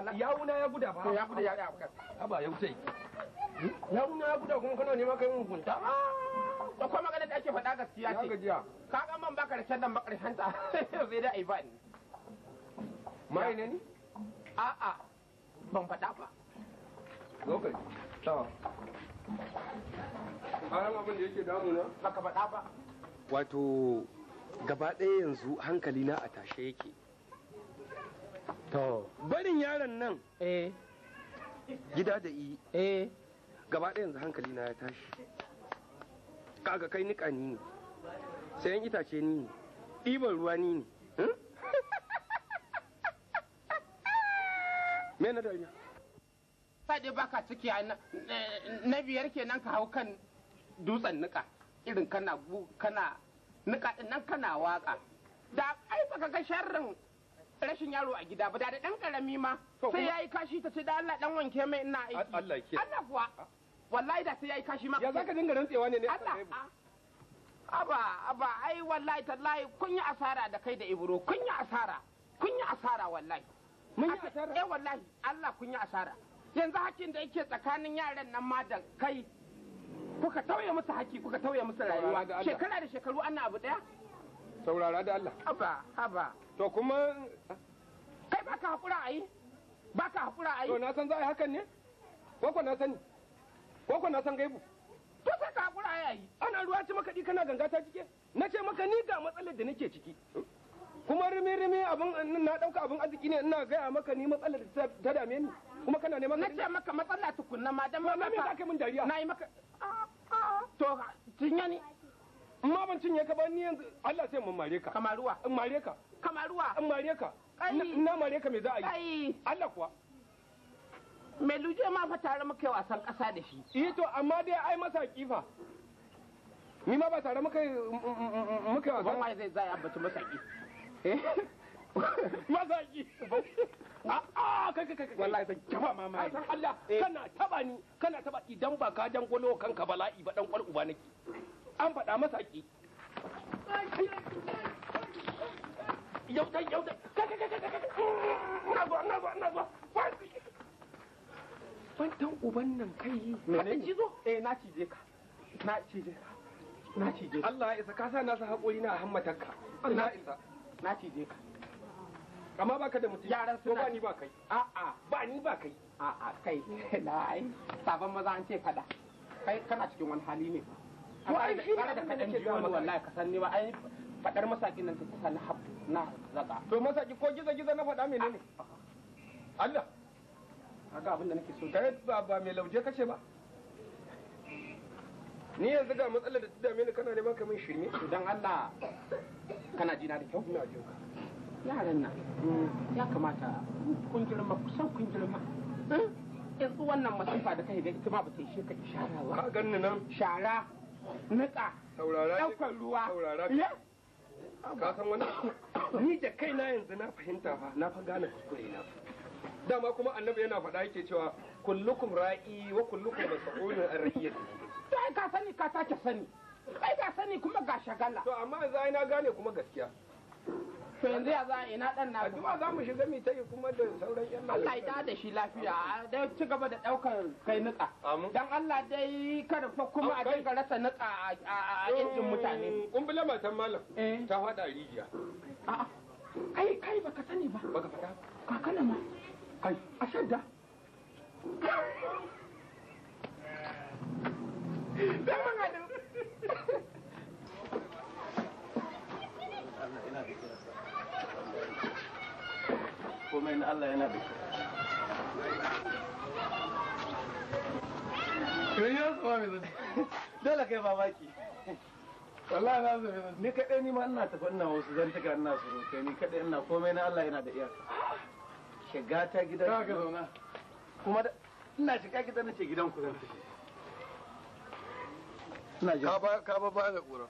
yawuna ya guda eh, ya guda ya ya ba. ya wuce hmm? yawuna ya guda kuma kana nema kai mun da kuma da ake faɗa gaskiya ce ka ga man nan ta [LAUGHS] da mai ne ni a a ban faɗa ba lokaci abin da yake damuna? Baka faɗa ba. Wato gaba ɗaya yanzu hankalina a tashe yake. to barin yaron nan eh gida da i eh gaba ɗaya yanzu hankali na ya tashi kaga kai nika ni ne sayan itace ni ne ɗiban ruwa ni ne hm? [LAUGHS] me na dariya faɗi baka ciki na biyar kenan ka hau kan dutsen nika irin kana kana nika nan kana waƙa. da ai baka ga sharrin rashin yaro a gida ba da da dan karami ma sai yayi kashi ta ce da Allah dan wanke mai ina aiki Allah ke Allah kuwa wallahi da sai yayi kashi ma ya zaka dinga rantsewa ne ne Allah aba aba ai wallahi tallahi kun yi asara da kai da Ibro kun yi asara kun yi asara wallahi mun yi asara eh wallahi Allah kun yi asara yanzu hakin da yake tsakanin yaran nan ma da kai kuka tauye musu haki kuka tauye musu rayuwa shekara da shekaru ana abu daya saurara da Allah haba haba to kuma kai baka hakura ayi baka hakura ayi to na san za a yi hakan ne koko na sani koko na san gaibu to sai ka hakura yi. ana ruwa ci maka kana ganga ta cike na ce maka ni ga matsalar da nake ciki kuma rime abun abin na dauka abin arziki ne ina gaya maka ni matsalar da ta dame ni kuma kana neman na ce maka matsala tukunna ma dan ma me ka kai dariya nayi maka ah, ah. to tinya ni in ma ban cinye ka ba ni yanzu Allah sai mun mare ka kamaruwa in mare ka kamaruwa in mare ka na mare ka me za a yi Allah kuwa mai luje ma fa tare muke wasan kasa da shi eh to amma dai ai masa kifa ni ma ba tare muke mm, mm, mm, muke wasan wallahi zai zai abata masa kifa eh [LAUGHS] masa kifa a'a ah, ah, kai kai kai wallahi zan jaba mama ai Allah eh. kana taba ni kana taba idan ba ka dan gwalo kanka bala'i ba dan kwal uba nake an faɗa masa ki yauta yauta fantan uban nan kai mene ne cizo eh na cije ka na cije ka na cije ka. Allah ya isa kasa sa na sa haƙuri na hammatarka na isa na cije ka amma baka da mutum yaran suna ba ni ba kai a'a ba ni ba kai a'a kai na [LAUGHS] ai sabon maza an ce kaɗa. kai kana cikin wani hali ne ko ai shi ne da kaɗan jiwa ma wallahi ka san ni ba ai faɗar masaki nan ta kusa na hab na zaka to masaki ko giza giza na faɗa mene ah, ah, ah. Allah haka abin da nake so kai ba ba mai lauje kace ba ni yanzu ga matsalar da ta dame kana neman ka shirme dan Allah kana jina da kyau ina jin yaran nan ya kamata kun girma kusan kun girma eh? yanzu wannan masifa da kai ga ita ma ba ta yi shekara shara ba ka ganni nan shara nika daukar ruwa ya ka san wani ni da kai na yanzu na fahimta fa na fa gane kuskure na dama kuma annabi yana faɗa yake cewa kullukum ra'i wa kullukum mas'ulun an ra'iyati to ai ka sani ka sake sani kai ka sani kuma ga shagala to amma yanzu ai na gane kuma gaskiya to yanzu ya za ina dan na addu'a za mu shiga mi yi kuma da sauran yan Allah ya da shi lafiya da ci da daukar kai nutsa dan Allah dai kada kuma a dinga rasa nutsa a yankin mm, mutane kumbula matan malam eh. ta fada a shadda dan komai na Allah yana da kai Kai ya zuwa mai zai dole kai ba mamaki wallahi na zuwa mai ni kadai ni ma ina tafi ina wasu zan tuka ina su kai ni kadai ina komai na Allah yana da iyaka shiga ta gidan ka zauna kuma da ina shiga gidan nace gidan ku zan tafi ka ba ba da kura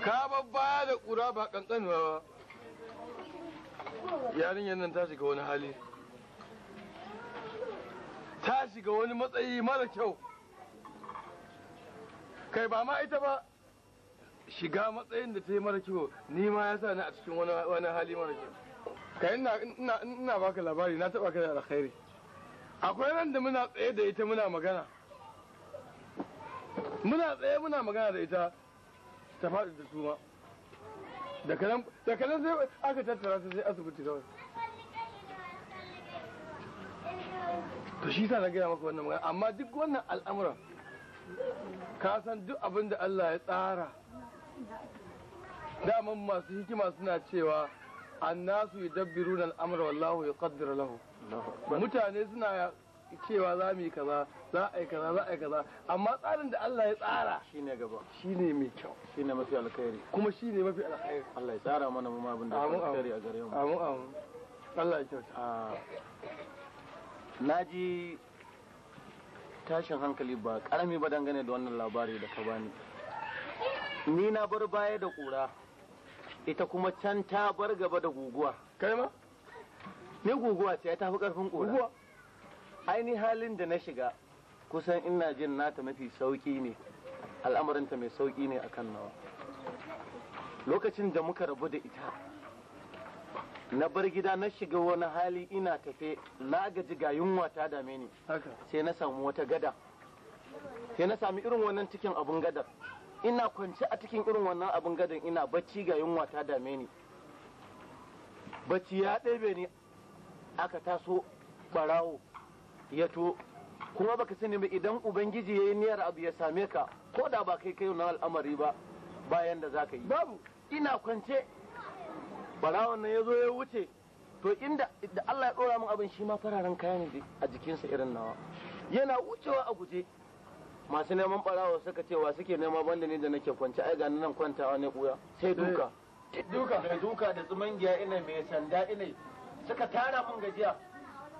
ka ba ba da kura ba kankanuwa ba yarinyar nan ta shiga wani hali ta shiga wani matsayi mara kyau kai ba ma ita ba shiga matsayin da ta yi mara kyau ni ma ya sa ni a cikin wani hali mara kyau kai ina baka labari na taba ka da alkhairi akwai ran da muna tsaye da ita muna magana muna tsaye muna magana da ita ta faɗi da suma da kanan sai aka tattara su sai asibiti kawai to shi sa na gaya maka wannan magana amma duk wannan al'amuran ka san duk abin da Allah ya tsara daman masu hikima suna cewa annasu yudabbiruna al'amra wallahu yuqaddiru lahu mutane suna cewa za mu yi kaza za a yi kaza za a yi kaza amma tsarin da Allah ya tsara shine gaba shine mai kyau shine mafi alkhairi kuma shine mafi alkhairi Allah ya tsara mana mu abin da alkhairi a gare mu amin amin Allah ya kyauta ah, naji tashin hankali ba karami ba dangane da wannan labari da ka bani ni na bar baya da kura ita kuma can ta bar gaba da guguwa kai ma ni guguwa ce ta fi karfin kura aini halin da na shiga kusan ina jin nata mafi sauki ne al'amarinta mai sauki ne akan nawa lokacin da muka rabu da ita na bar gida na shiga wani hali ina tafe na gaji ga yunwa ta dame ni sai na samu wata gada sai na sami irin wannan cikin abun gadar ina kwance a cikin irin wannan abun gadar ina bacci ga yunwa ta dame ni bacci ya ɗebe ni aka taso ɓarawo ya to kuma baka sani ba idan ubangiji yayi yi niyyar abu ya same ka ko da ba kai kai na al'amari ba bayan da za yi babu ina kwance barawon nan ya zo ya wuce to inda da Allah ya ɗora min abin shi ma fararen kaya ne a jikinsa irin nawa yana wucewa a guje masu neman barawa suka cewa suke nema banda ne da nake kwance ai ga nan kwantawa ne kuya sai eh, duka duka da duka da tsumangiya ina mai sanda ina suka tara mun gajiya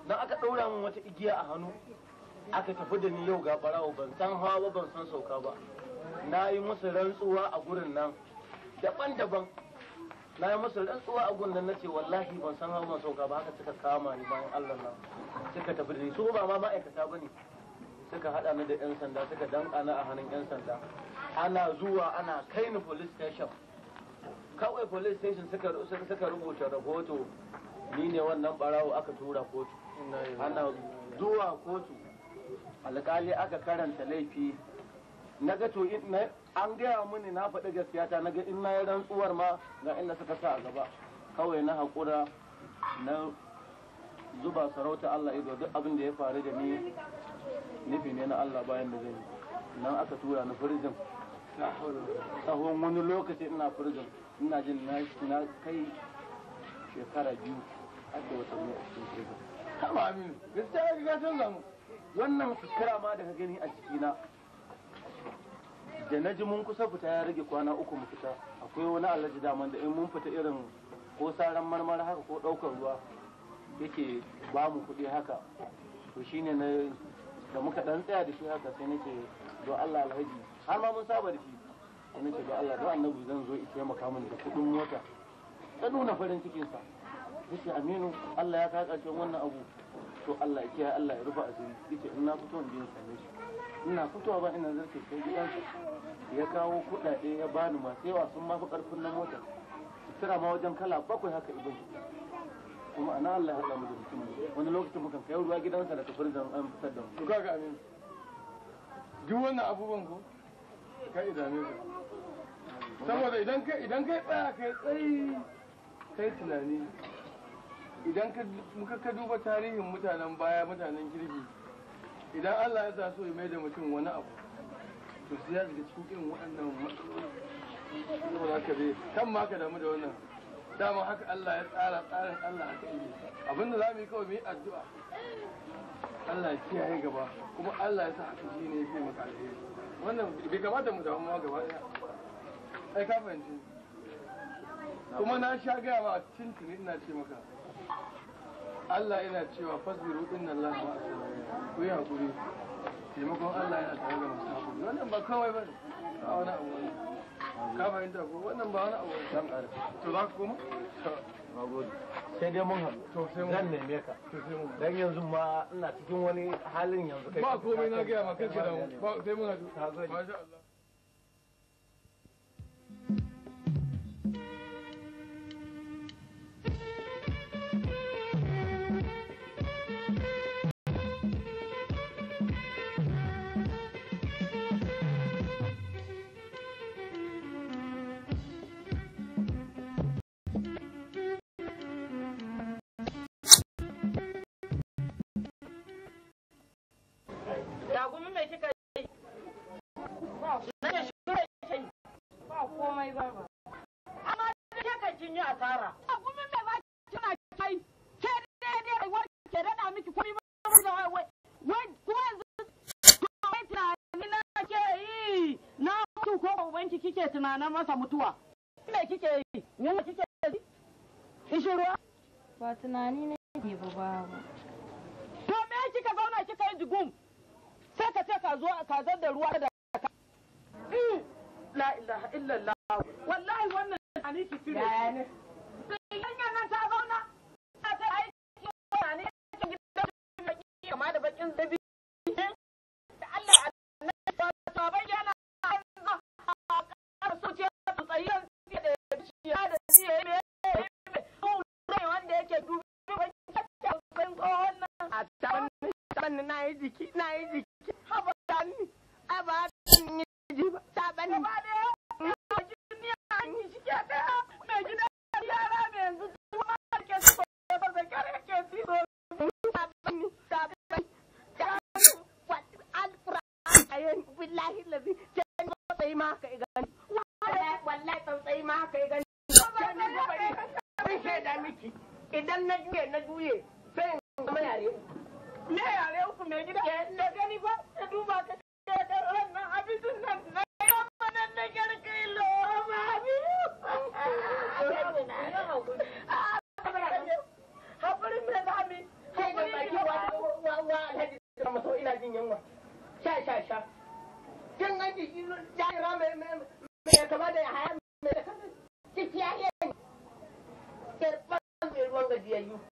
don aka ɗaura min wata igiya a hannu aka tafi da ni yau ga barawo ban san hawa ban san sauka ba na yi musu rantsuwa a gurin nan daban-daban na yi musu rantsuwa a gurin nan na ce wallahi ban san hawa ban sauka ba haka suka kama ni bayan allah nan suka tafi da ni su ba ma ma'aikata ba ne suka haɗa ni da 'yan sanda suka danka ni a hannun 'yan sanda ana zuwa ana kai ni police station kawai police station suka rubuta rahoto ni ne wannan barawo aka tura kotu ana zuwa kotu alkali aka karanta laifi na ga to an gaya mini na faɗi gaskiya ta na ga in na yi rantsuwar ma ga inda suka sa a gaba kawai na haƙura na zuba sarauta Allah ido duk abin da ya faru da ni nufi ne na Allah bayan da zai nan aka tura ni firjin tsawon wani lokaci ina firjin ina jin na kai shekara biyu har da watanni a cikin firjin Haba Aminu, gaskiya ya riga mu. Wannan kira ma da gani a cikina Da na ji mun kusa fita ya rage kwana uku mu fita. Akwai wani alhaji daman da in mun fita irin ko saran marmara haka ko ɗaukar ruwa yake ba mu kuɗi haka. To shine na da muka ɗan tsaya da shi haka sai nake do Allah alhaji har ma mun saba da shi. Sai nake do Allah do annabi zan zo in taimaka min da kuɗin mota. Ta nuna farin cikinsa. yace aminu Allah ya kawo ƙarshen wannan abu to Allah ya kiya Allah ya rufa asiri yace in na fito in je in same shi ina fitowa ba ina zarce sai gidansa ya kawo kuɗaɗe ya bani masu yawa sun mafi ƙarfin na mota sutura ma wajen kala bakwai haka ibin kuma ana Allah ya haɗa mu da mutum wani lokacin mukan kai ruwa gidansa da kafin zan an fitar da mu to kaga aminu duk wannan abubuwan ko ka idame ka saboda idan kai idan kai tsaya kai tsayi kai tunani idan ka duba tarihin mutanen baya mutanen girbi, idan allah ya taso ya mai da mutum wani abu to sai ya shiga cikin irin waɗannan matsaloli kan ma ka damu da wannan dama haka allah ya tsara tsarin allah haka yi abinda za mu yi kawai mu yi addu'a allah ya kiyaye gaba kuma allah ya sa haka shi ne ya fi maka alheri wannan bai kamata mu damu ma gaba ɗaya ai ka fahimci kuma na sha gaya ma cikin tuni ina ce maka Allah yana cewa fasbiru inna Allah ma ku yi hakuri taimakon Allah yana tare da masu hakuri wannan ba kawai bane ba wani abu ne ka fahimta ko wannan ba wani abu ne zan to za ka koma sai dai mun haɗu zan neme ka to sai mun dan yanzu ma ina cikin wani halin yanzu kai ba komai na gaya ma kai da mu sai mun haɗu masha Allah tunanan masa mutuwa me kike yi yunwa kike yi ishin ruwa ba tunani ne ke ba ba. to me kika zauna kika yi jigum sai ka ce ka zo ka zar da ruwa da ka hmm. la ilaha illallah wallahi wannan tunani ki fire ne sai nan ta zauna ta aiki wani ne kama da bakin zabi wanda yake dubi ban tsohon nan a taban na yi jiki na yi jiki haba ta ni a ba a ni ji ba ta ba ni ba da yawa jiniya an yi shike ta mai gida yara ne yanzu kuma ke su ba ba da kare ke su so ta ba ni ta ba ni ta alkur'an ayyukan billahi lazi ta yi ma ka igani wallahi tsautsayi ma ka igani faɗa miki idan na juye na juye sai in kama yare uku. Me yare uku mai gida? Da gani ba ta duba ka ce da wannan abin nan na yi wannan na garka ilo ba bi Hakuri me ba mi? Hakuri me baki wa wa wa alhaji da so ina jin yunwa. Sha sha sha. Jin aji ya rame me kama da ya haya Yeah hay